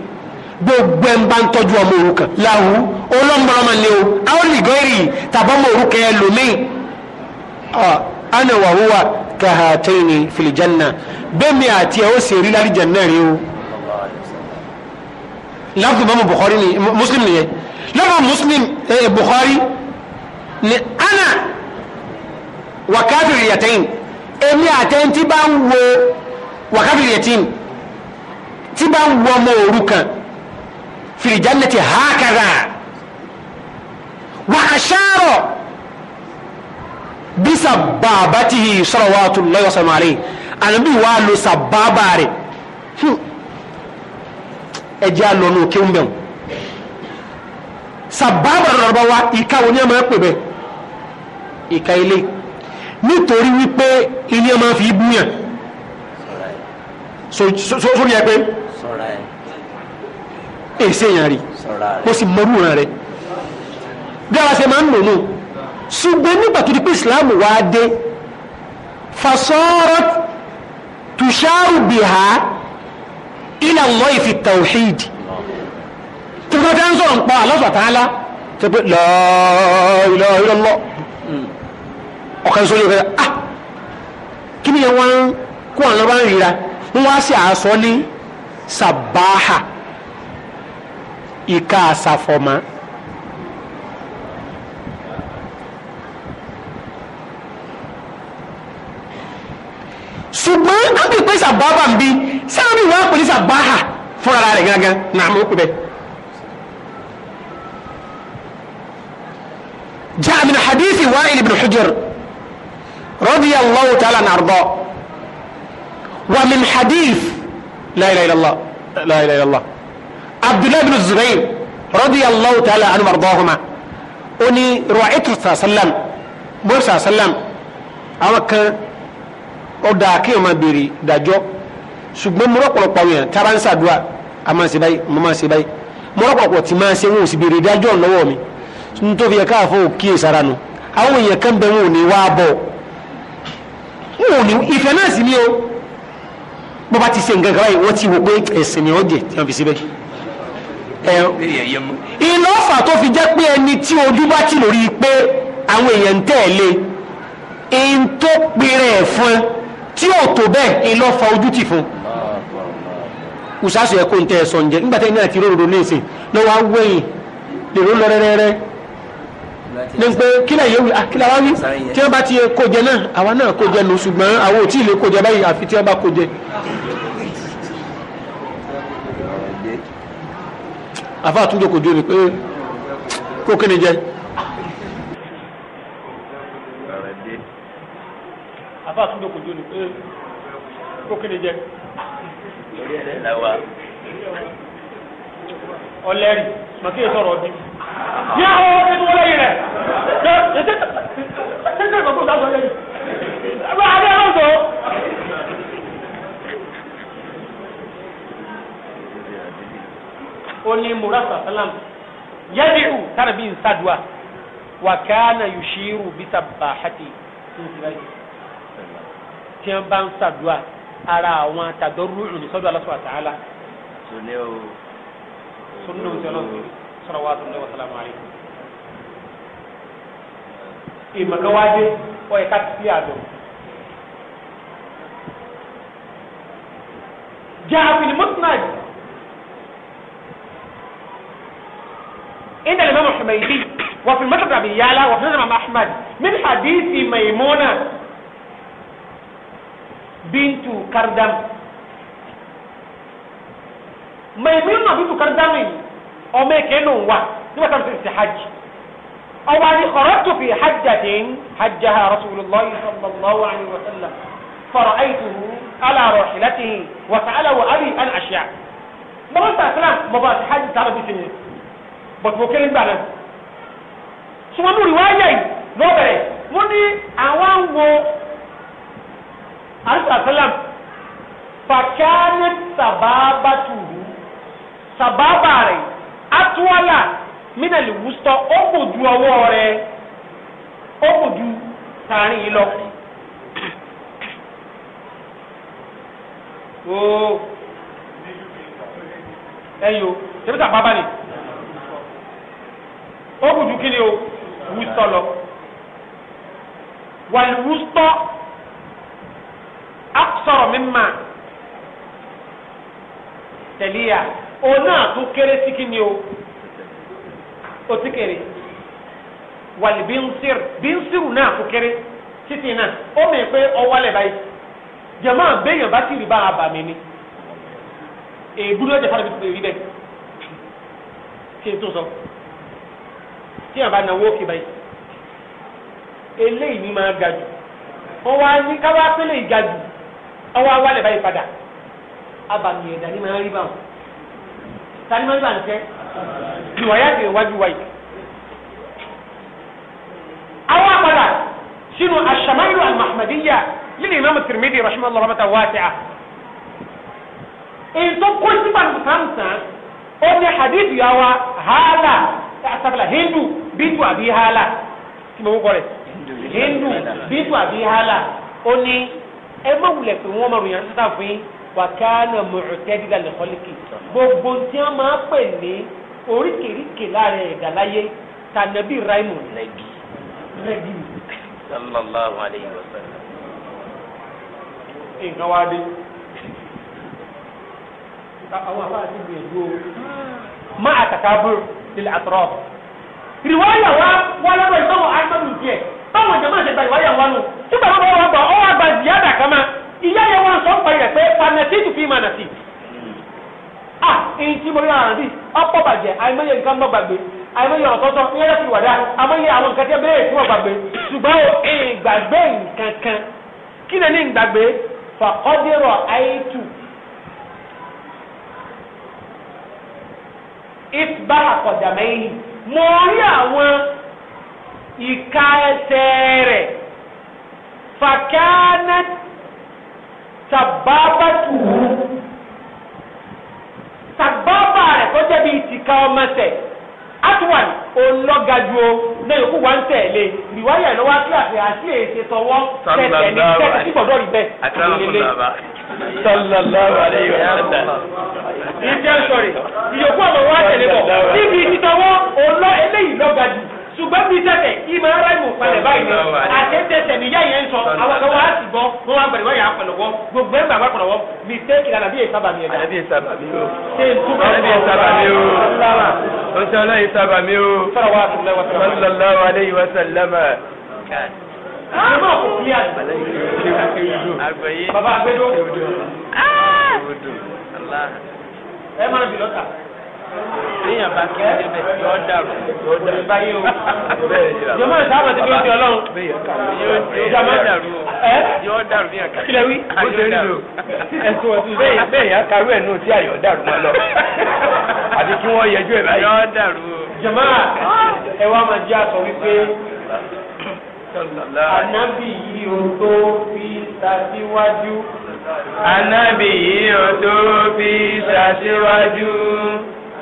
gbogbo ẹ̀ ń bá ń tọ́jú ọmọ òrukàn láwù olóńgbọ́n máa o àwọn olùgọ́rì tàbọ́mọ òrukàn ẹlòmíì ana wa huwa kahataini filijanna bẹ́ẹ̀ni àti ẹ̀ ó sì rí lálẹ́ jẹ̀nà rí o lábùdó mọ́mọ́ bukhari ni muslim nìyẹn lọ́wọ́ muslim eh, bukhari ni ana wakafiri yatain èmi àtẹ́yìn tí bá ń wo wakafiri yatain tí bá ń wo ọmọ òrukàn filijanna ti hákàrà wa asharo bisa babatihi salawatullahi wasallam alayhi anabi wa lo sababa rẹ̀ ẹjẹ́ alọ́nu kí ń bẹ̀rù sababa rọrọba wa ìka wo ni ẹ máa pè bẹ́ ìka ilé nítorí wípé ilé ẹ máa fi bú yàn sórí pé èsè yàn rí mo sì mọrú rẹ bí ara ṣe máa ń lò náà ṣùgbọ́n nígbà tó di pé islam wá dé fasọ́rọ́ tùṣàrù bìhá ila Allah fi tawhid tí wọ́n fẹ́ ń sọ̀rọ̀ ń pa alọ́sọ̀tàálá tí pé la ilaha illallah ọ̀kan sórí ọ̀kan ah kí ni wọ́n kó àwọn ọlọ́bàá ń rira wọ́n wá sí àásọ ní sàbáhà ìka àsàfọ̀mọ́ ṣùgbọ́n a bí pé ń bí sábàbí wọn á pè fúnra rẹ̀ gángan náà mú kú bẹ́ẹ̀. جاء من حديث وائل بن حجر رضي الله تعالى عنه أرضاه ومن حديث لا إله إلا الله لا إله إلا الله عبد الله بن الزبير رضي الله تعالى عنه أرضاهما أني رأيت صلى الله عليه وسلم موسى صلى الله عليه وسلم ọ̀dà kí ọmọ béèrè ìdájọ́ ṣùgbọ́n mo rọ́pọ̀lọpọ̀ àwọn èèyàn tára ń ṣàdúrà a máa ṣe báyìí mo máa ṣe báyìí mo rọ́pọ̀lọpọ̀ tí máa ṣe wọn ò sì béèrè ìdájọ́ lọ́wọ́ mi nítorí fi yẹ káàfọ́ kíyè sára nu àwọn èèyàn kan bẹ wọn ò ní wá bọ̀ wọn ò ní ìfẹ́ náà sì ni o bó bá ti ṣe nǹkan kan báyìí wọ́n ti wò pé ẹ̀sìn ni ọ̀jẹ̀ tí wọ́n fi síbẹ̀ iná ọ̀fà tó fi jẹ́ pé ẹni tí ojú bá ti lórí pé àwọn èèyàn ń tẹ̀lé ń tó pèrè ẹ̀ fún ẹ tí ò tó bẹ́ẹ̀ ń lọ fa ojú tì fún usaso yẹ kó n tẹ sọ njẹ nígbà tẹ ní àti ròrò ní ìsìn lọ́wọ́ awẹyìn lèrò lọ rẹrẹrẹ ní pé kílẹ̀ yẹ̀wù ah, kílẹ̀ wá wí tí wọ́n bá ti kó jẹ náà àwa náà kó jẹ nù ṣùgbọ́n àwọn ò tí ì lè kó jẹ báyìí àfi tí wọ́n bá kó jẹ. àfa àtúndò kò dé ni pé kó kíni jẹ. àbá àtúndò kò jó ni pé kó kéde jẹ. ọlẹ́rì màkì yẹn sọ̀rọ̀ ọdún. yà á wọ ẹni wọlé yìí rẹ̀ tẹ́tẹ́ ìgbàgbọ́ sáfọ̀ lẹ́yìn. ẹgbẹ́ adé ló sọ. ó ní murasa salam yadi'u tàbí nsàdùà wà kánà yushiru bí sábà hàtì tí wọ́n bá ń ṣàdúrà ara àwọn tàdọ́rùrù ní sọ́dọ̀ aláṣọ àtàlà. sọlẹ́ o. sọ́nà òṣèlú sọ̀rọ̀ wa sọ̀rọ̀ wa sàlámù alaykum. ìmọ̀kànwájú ọ̀yẹ̀ ká ti fi àdùn. جاء في المسند عند الإمام الحميدي وفي المسند أبي يالا وفي مسند أحمد من حديث ميمونة bintu kardam mẹ̀mí nà bintu kardam yìí ọmọ èké nù wá nígbà tá a ti sè hajj ọba ni kharajtu fi hajjatin hajjaha rasulillah sallallahu alayhi wa sallam fara'aytuhu ala rahilatihi wa sa'alahu abi an ashya mọ̀mọ́ sàkàlà mọ̀mọ́ àti hajj sábà bí sinmi bọ̀tùmọ̀ kéré gbà náà sọmọ́nù rí wáyà yìí lọ́bẹ̀rẹ̀ wọ́n ní àwọn wo àrísàsálàm fàkánì sàbábàtùrù sàbábà rẹ̀ atuwala mínàlì wùsùtọ̀ ó kò ju ọwọ́ rẹ̀ ó kò ju tààrin yìí lọ. ooo ẹyọ ṣẹbi sàbábà ni ó kò ju kí ni o wùsùtọ̀ lọ wàlúwùsùtọ̀ akusọrọ mi ma tẹ̀lé ya òun náà tún kéré sí o o ti kéré wàlí bínsìr bínsìrù náà tún kéré títí náà ó mẹ pé ọwọ́lẹ̀ báyìí jẹ̀mọ́ béèyàn bá tìrì bá a bà mí ni e ló jẹ fún mi rí bẹ́ẹ̀ kí n tó sọ tí yàrá bá náwó òkè eléyìí ni máa ga jù wọ́n wá ní káwá pélé ọwọ́ awálẹ̀ báyìí padà abàmì ẹ̀dá ni màá rí bá wọn tani màá rí bá ń tẹ́ ìwọ̀nyá ti wájú wáyé. àwọn àpàdà sínú aṣàmáyò al-mahmadiyya lílì imáàmù Tirmidhi rahimahullah rahmatan wasi'a. ètò kóńtì pàtàkì ó ní hadith yà wá hàlà àtàkàlà hindu bíntu àbí hàlà kí mo kọ́ rẹ̀ hindu bíntu àbí hàlà ó ní ẹ má wulẹ̀ pé wọ́n máa ròyìn sátà fún yín wà ká nà mu'tadila li khalqi gbogbo tí wọ́n máa pè ní oríkèéríkèé láàrin ẹ̀dá láyé tànàbí raimu rẹ̀gì rẹ̀gì sallallahu alayhi wa sallam. nǹkan wá dé àwọn àbá àti ìgbìyànjú o má àtàkà bùrù lílẹ̀ àtọ̀rọ̀. ìwáyà wa wá lọ́dọ̀ ìtọ́wọ̀ agbọ́dù báwọn jẹ́ ṣe gba ìwáyà wa nù tí bàbá bá wà bọ̀ ọ́ wà gba ìyáàdà kan ma ìyá yẹn wọn sọ pa yẹ pé panẹ́tì tù fi mà a èyí mo rí ara rí ọ̀pọ̀ àìmọye nǹkan gbàgbé àìmọye fi àmọye mo rí àwọn ìka ẹsẹ̀ rẹ̀ fàkánà tàbábàtù tàbábà rẹ̀ tó jẹ́ bíi tìka ọmọ ẹsẹ̀ atuwan olọ́gaju o náà yòókù wá ń tẹ̀lé ìwáyà lọ́wọ́ àti àfihàn àti èsè tọwọ́ tẹ̀tẹ̀ ní tẹ̀tẹ̀ tí gbọ́dọ̀ rí bẹ́ẹ̀ àti lélẹ̀ sallallahu alayhi wa sallam. ìjẹ́ sọ̀rọ̀ ìyókù ọ̀rọ̀ wa tẹ̀lé bọ̀ níbi ìtìtọ̀wọ́ ọlọ́ eléyìí lọ́gba jù ṣùgbọ́n bíi tẹ̀tẹ̀ ìmọ̀ ara ìmọ̀ palẹ̀ báyìí àti tẹ̀tẹ̀ níyà yẹn ń sọ àwọn ọ̀gá wa á sì gbọ́ wọn wá gbẹ̀rẹ̀ wọ́n yà á pẹ̀lú wọ́ gbogbo ẹgbẹ́ àwọn pẹ̀lú wọ́ mi tẹ́ kí alábí yẹn sábà mi ẹ̀dá. alábí yẹn sábà mi o. ṣé n túbọ̀ alábí yẹn sábà mi o. o ṣe ọlọ́yin sábà mi o. sọ̀rọ̀ wa sọ̀rọ̀ wa sọ̀rọ̀ wa sọ̀rọ̀ wa sọ̀rọ̀ wa Àgbẹ̀ náà kò fi àgbẹ̀ lẹ́yìn. Àgbẹ̀ yé. Bàbá àgbẹ̀ ló. Ah! Ẹ máa bì lọ́tà. Téèyàn bá kí wọ́n débẹ̀ yọ ọ́ dàrú. Òde báyé o. Jọ̀mọ́ ìta àmọ̀ tí kò o. Yọ ọ́ dàrú ní àkàrà. Kílẹ̀ wí. Àyọ̀ dàrú. Ẹ̀sùn ọ̀sùn bẹ́ẹ̀ bẹ́ẹ̀ yà kárú ẹ̀ náà tí àyọ̀ dàrú máa lọ. Àti kí wọ́n yẹjú ẹ̀ báyìí. Yọ ọ́ dàrú o. Jọ̀mọ́ ah! ẹ wá máa jẹ́ àsọ wípé Ànábì yìí o tó fi ṣàṣíwájú. Ànábì yìí o tó fi ṣàṣíwájú.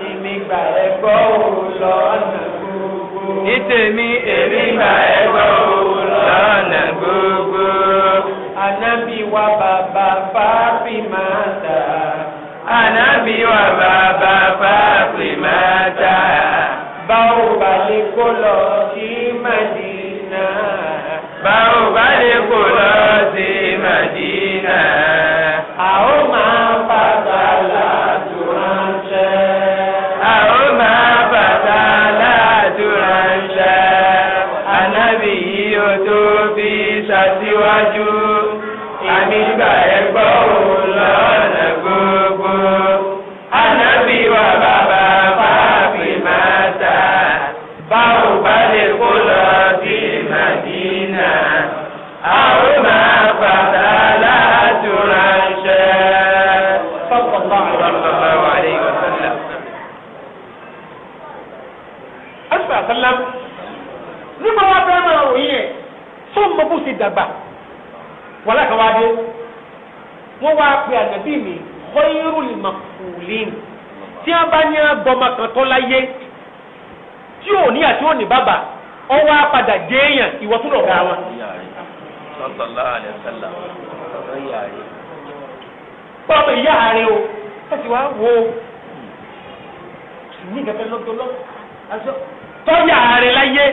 Èmi gbà ẹ̀gbọ́ o lọ́nà gbogbo. Ní tèmi èmi gbà ẹ̀gbọ́ o lọ́nà gbogbo. Ànábì wa bàbá Fáfímà tà. Ànábì wa bàbá Fáfímà tà. Báwo bá kó lọ? báwo valeu. dàgbà wọ́n láti wá dé wọ́n wá pe ànábì mi khairul maqulin tí wọ́n bá ní agbọ́mọ kan tó láyé tí ò ní àti ò ní bàbà ọwọ́ apàdà déèyàn ìwọ tó lọ̀gá wọn. pọ́ọ̀mù ìyá rẹ o ẹ sì wo ní ìgbàfẹ́ lọ́dọ́lọ́ tọ́jà rẹ láyé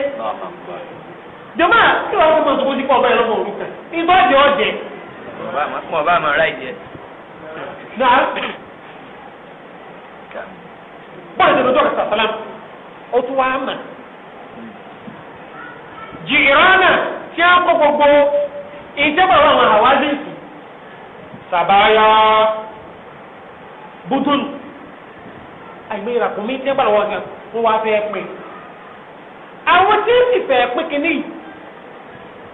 jọba kí wọn fún mọtò bójú kọ ọba ẹlọmọ òrukàn ibà jẹ ọjẹ. mo ọba àmọ ra ìjẹ. náà bọ́ọ̀lù tó dọ́kítà sàlám ó tún wá mà. jìrọ́nà tí a kó gbogbo ìjọba àwọn àwájú sàbáyà bùtùn àgbẹ̀ ìràkùnmí tí a bá lọ́wọ́ gan wọ́n wá fẹ́ pè. àwọn tí ń sì fẹ́ pé kínní yìí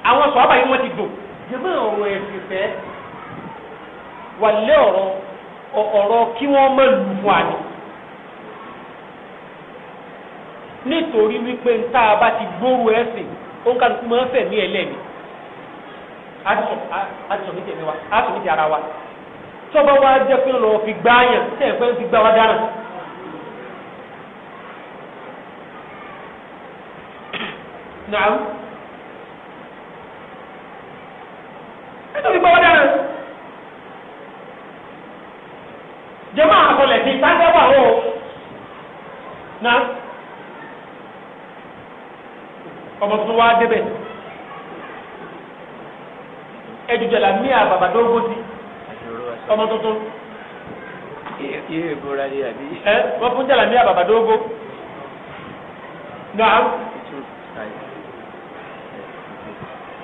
àwọn sọ̀rọ̀ báyìí wọ́n ti gbò jẹ́mọ́ ọ̀rọ̀ ẹ̀sìn fẹ́ wà lé ọ̀rọ̀ ọ̀rọ̀ kí wọ́n mọ̀ lù fún àná nítorí wípé tá a bá ti gbóru ẹ̀sìn ó ń kálukú máa ń fẹ̀mí ẹlẹ́mi a ti sọ ní tèmi wa a sọ ní ti ara wa tọ́ba wa jẹ́ pé lọ́wọ́ fi gbá yàn tẹ́ ẹ̀ pẹ́ fi gbá wa dára. Naam. nítorí pé wọ́n dára jẹ́mọ́ àkọlẹ̀ ti sáńtẹ́wà o na ọmọ tuntun wa débẹ̀ ẹjújẹlá míà bàbá dógún sí ọmọ tuntun ẹ wọ́n fún jẹ́lá míà bàbá dógún náà.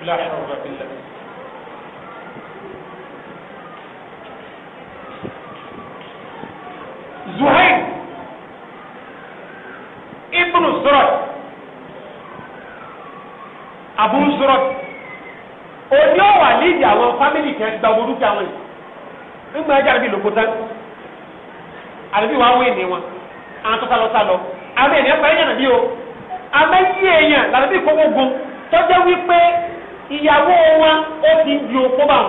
لا حول ولا قوة إلا بالله zuhair ibnu zurot abu zurot òní ọ̀wà lídìí àwọn fámìlì kẹ́ gba owó dúkìá wọn nígbà ẹja àbí lòkó tán àbí wàá wé ní wọn àwọn tó sálọ sálọ àwọn ènìyàn pa ẹ̀yàn nàbí o amẹ́yí èèyàn làbí kókó gun tọ́jú wípé ìyàwó wọn ó di okó bá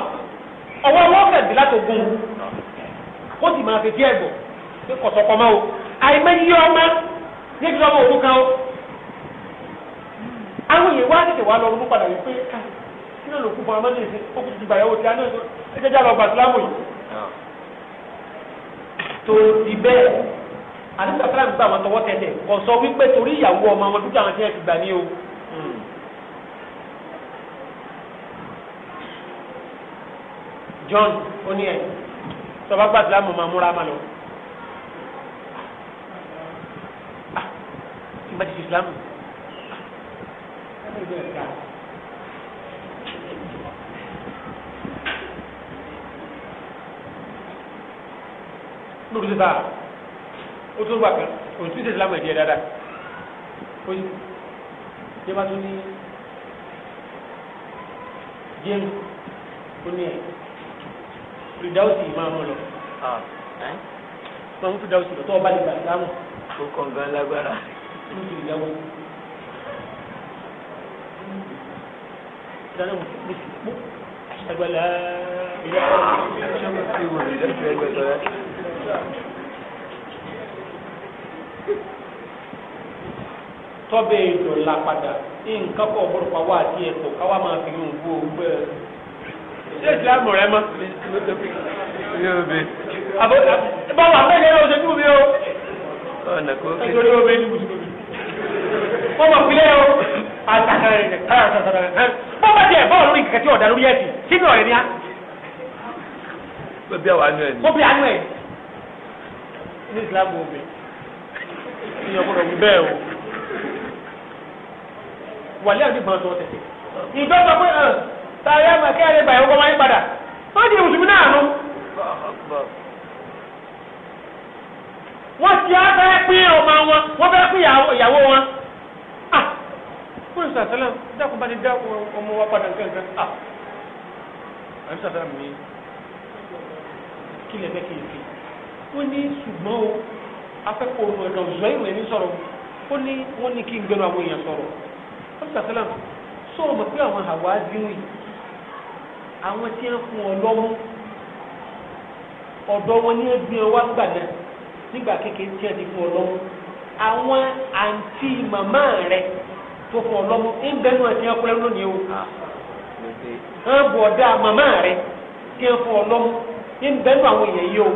pé kọ̀tọ̀kọ̀ máa o àìmọye ọmọ ní ìdílé ọmọ òdúkà o àwọn èèyàn wá tètè wá lọ ronú padà wípé ah, kí ló lò kú fún ọmọdé ìsìn ó kú ti gbà yàwó tí a náà tó ẹ jẹjẹ àlọ gbà sílámù yìí. tó di bẹ́ẹ̀ àdúgbò fúlàní gbà wọn tọwọ́ tẹ̀lé kò sọ wípé torí ìyàwó ọmọ wọn dúkìá wọn ti yẹn gbà hmm. ní o. John oníyẹ sọba gbà sílámù máa múra máa lọ. mẹtìkì islam lórí sísá ó tó gbà kan òun islam ẹ̀ díẹ̀ dáadáa ó yí bí a bá tún ní james ó ní ẹ̀ fìdáwùsì máa mú lọ. máa mú fìdáwùsì lọ tó o bá lè gbà islam. ó kàn ló ti ìyàwó ìdáná wọn ní ìpó àṣàgbàlá ìyàwó ìṣẹ́wó tí wọ́n lè lẹ́sẹ̀ ẹgbẹ̀rẹ̀ rẹ̀. tọ́bẹ̀ ìdọ̀la padà nǹkan pọ̀ bọ́dọ̀ pa wá àti ẹ̀kọ́ káwá máa fi hàn gbó gbẹ́ ṣé ìsìlámù rẹ mọ́. báwo àbẹ́yẹ yóò ṣe fún mi o. ọ̀nà kò kí. nítorí ọmọ ìpínlẹ̀ o bọ́ọ̀bá tiẹ̀ bọ́ọ̀lù lórí kẹ̀kẹ́ tí ọ̀dà lórí ẹ̀sìn sínú ọ̀rẹ́ ni á. bẹ́ẹ̀ bí àwọn anú ẹ̀ ni. bóbi anú ẹ̀ ní ìsìlámù òbí ìyẹn ọgbọ́dọ̀ wí bẹ́ẹ̀ o wàlẹ́ àti ìbọn tó tẹ̀. ìjọ sọ pé tààrí àmà kí àlè bàyẹ̀ ọkọ̀ wáyé padà wọ́n di mùsùlùmí náà nù. wọ́n ti á fẹ́ pín ọmọ wọn wọ́n fẹ́ pín ìyàwó wọn fún ìsọ àtẹlẹ dákun bá ní dá ọmọ wa padà nǹkan ah àbí sàtẹlẹ mi kí lè fẹ́ kí n fi ó ní ṣùgbọ́n o afẹ́kọ̀ọ́ ọmọ ẹ̀dọ̀ ọ̀zọ́ ìwé ní sọ̀rọ̀ ó ní wọ́n ní kí n gbẹ́nu àwọn èèyàn sọ̀rọ̀ àbí sàtẹlẹ sọ̀rọ̀ mọ̀ pé àwọn àwa dínwìn àwọn tí wọ́n fún ọ lọ́wọ́ ọ̀dọ́ wọn ní ẹgbẹ́ wa gbàdá nígbà kékeré tí wọ́n ti fún ọ lọ́wọ́ àwọn àǹtí màmá rẹ̀ tó fún ọ lọ́mú ń bẹ́ẹ̀ nù ẹ̀sìn ọkùnrin lónìí o. ń ah. bu ọ̀dà màmá rẹ kí ń fún ọ lọ́mú ń bẹ́ẹ̀ nù àwọn èèyàn yìí o.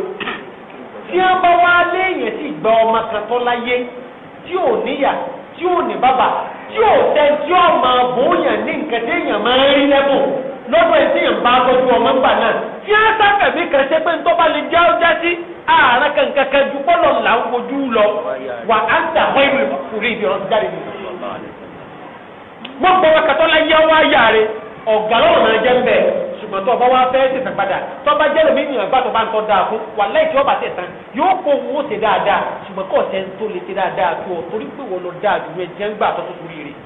tí a bá wá lé èèyàn sì gba ọmọ kan tó láyé tí ò níyà tí ò ní bàbá tí ò tẹ tí ò máa bóyàn ní nǹkan tí èèyàn máa ń rí lẹ́bùn lọ́dọ̀ ẹ̀sìn yẹn bá tọ́jú ọmọ ńgbà náà tí a sábẹ̀bí kan ṣe pé ntọ́ bá lè já ọ já sí ààrẹ kankan kan ju kọ́lọ̀ là ń wojú lọ wà á ń tàwọn ìwé kúrò ìbí ọ̀sán jáde nìyẹn gbogbo ọkàtọ́ la yẹ wá yà rẹ ọ̀gá lọ́rùn náà jẹ́ mbẹ́ ṣùgbọ́n tó ọba wá fẹ́ tẹ̀sán padà tó ọba jẹ́ lómi ìyàn gbàtọ̀ bá ń tọ́ dáa fún wà láì tí ọba tẹ̀sán yóò kó owó ṣe dáadáa ṣùgbọ́n kọ́ ọ̀sẹ̀ tó lè ṣe dáadáa tó ọ torí pé wọ́n lọ dáa jù ẹ jẹ́ ń gbà tó tó torí rẹ̀.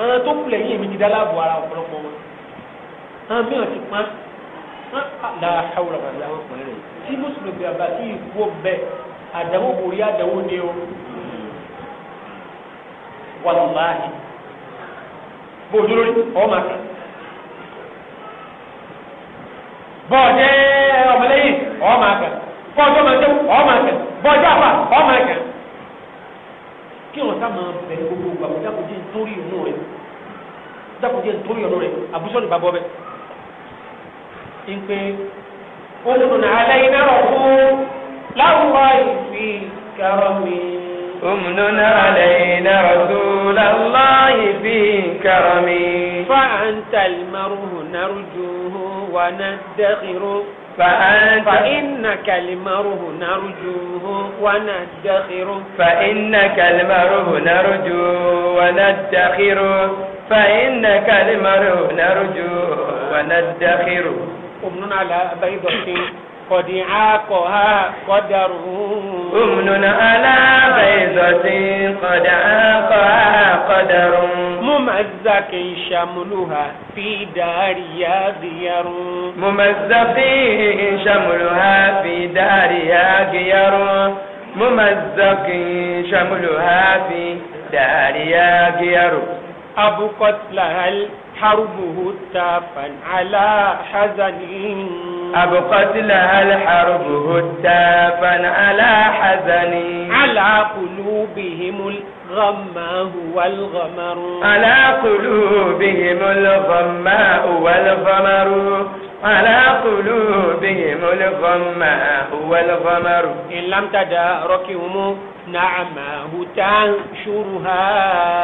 àwọn tó kulẹ̀ yìí èmi ti dá láàbò ara ọ̀pọ̀lọpọ̀ wọn àwọn mìíràn ti pọ́n la hawla wala tí mùsùlùmí àbá tí ìwọ bẹ àdàwọ orí àdàwọ ni o wàlúùláàhì bó o dúró ọmọ akẹ bọọdẹ ọmọlẹ́yìn ọmọ akẹ bọọdẹ ọmọdé ọmọ akẹ bọọdẹ àbá ọmọ akẹ kí wọn sá máa bẹ gbogbo àbújá kò jẹ nítorí ìmú rẹ àbújá kò jẹ nítorí ọ̀nà rẹ àbújá ni bàbá ọbẹ ìpè olùkùnà alẹ́ iná ọ̀hún láwùrọ̀ ìfi kẹrọ mi. Òmùnúnà alẹ́ iná ọ̀hún láwùrọ̀ ìfi kẹrọ mi. Fáàntà ìmọ̀rún nàrújú wà náà dẹ́kìrú. فأنت فإنك المره نرجوه وندخر فإنك المره نرجوه وندخر فإنك المره نرجوه وندخر أمن على بيضة قد عاقها قدره أمن على بيضة قد عاقها قدر ممزق شملها في دار يا ديار ممزق شملها في دار يا ديار ممزق شملها في دار يا ديار أبو قتلها حربه تافا على حزني أبقت لها الحرب هتافا على حزني على قلوبهم الغماء والغمر على قلوبهم الغماء والغمر على قلوبهم الغماء والغمر إن لم تداركهم نعماه تنشرها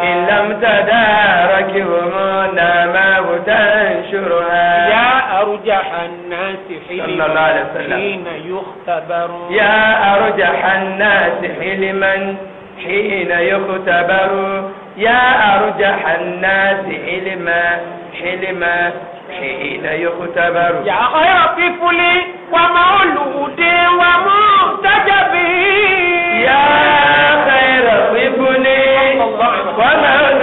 إن لم تداركهم نعماه تنشرها يا أرجح الناس حلما حين يختبر يا أرجح الناس حلما حين يختبر يا أرجح الناس علما حلما حين يختبر يا خير طفلي ومولود ومرتجب يا خير طفلي ومولود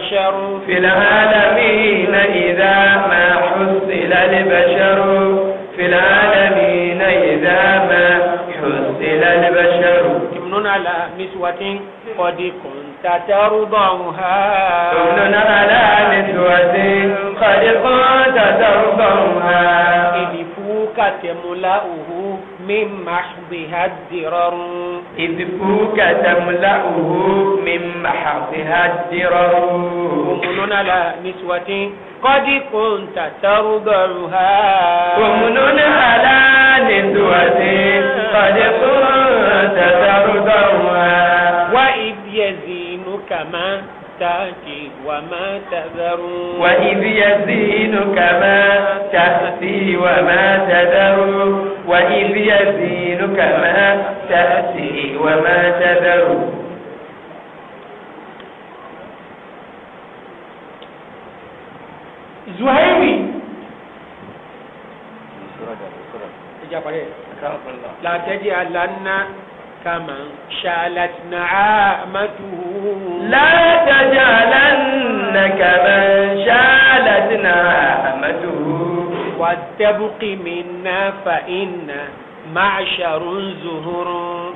البشر في العالمين إذا ما حصل البشر في العالمين إذا ما حصل البشر تمنون على نسوة قد كنت ترضاها تمنون على نسوة قد كنت ترضاها إذ فوكت تملأه من محضها الدرر إذ فوك تملأه من محضها الدرر أمن على نسوة قد كنت ترضعها أمن على نسوة قد كنت ترضعها وإذ يزينك من تأتي وما تذر وإذ يزينك ما تأتي وما تذر وإذ يزينك ما تأتي وما تذر زهيري لا تجعلن كمن شالت نعامته لا تجعلنك من شالت نعامته واستبق منا فإن معشر زهر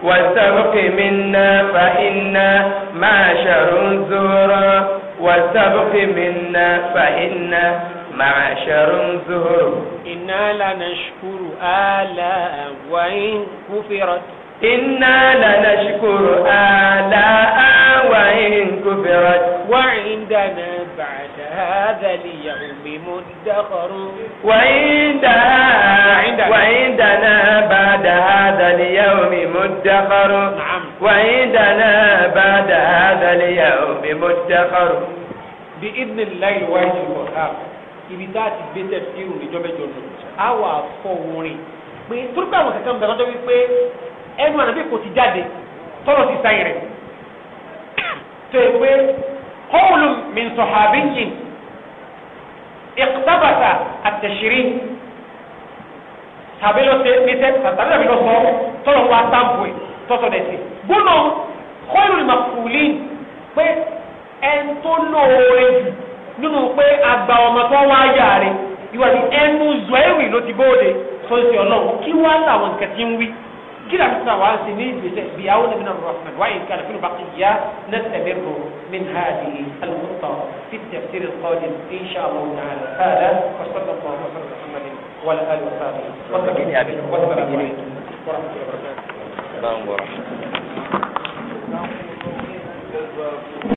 واستبق منا فإن معشر زهر واستبق منا فإن معشر زهر إنا لنشكر آلاء وإن كفرت إنا لنشكر آلاء وإن كفرت وعندنا بعد هذا اليوم مدخر وعندها عندنا وعندنا بعد هذا اليوم مدخر نعم وعندنا بعد هذا اليوم مدخر بإذن الله الواحد الوهاب ibi tá a ti gbé tẹ̀síwò níjọ́ mẹ́jọ nù á wà fọ orin pé torí pé àwọn kankan bẹ̀rẹ̀ lọ́jọ́ wípé ẹnu àná bí kò ti jáde tọ́lọ̀ ti sáyìn rẹ̀ tó yẹ pé kọ́ọ̀lù mìntọ́hàbí yìí ìkútàbàtà àtẹ̀sírí tàbí lọ sí níṣẹ́ tàbí tàbí lọ sọ tọ́lọ̀ wá sáàbù ẹ̀ tọ́tọ̀ dẹ̀ sí. gbọ́nà kọ́ọ̀lù màkùlì pé ẹn tó lóore jù nínú pé àgbà ọmọ tó wá yà ìwádìí ẹnu zọ̀ ẹ̀wì ló ti bóde sọ́ọ́sì ọlọ́run kí wá láwọn nǹkan ń wí. كلا حسنى وحسنين بيعون من الرحمن وإن كان في البقية نستمر من هذه الخطة في التفسير القادم إن شاء الله تعالى هذا وصلى الله وسلم محمد وعلى آله وصحبه وسلم والسلام عليكم ورحمة الله وبركاته. السلام ورحمة الله.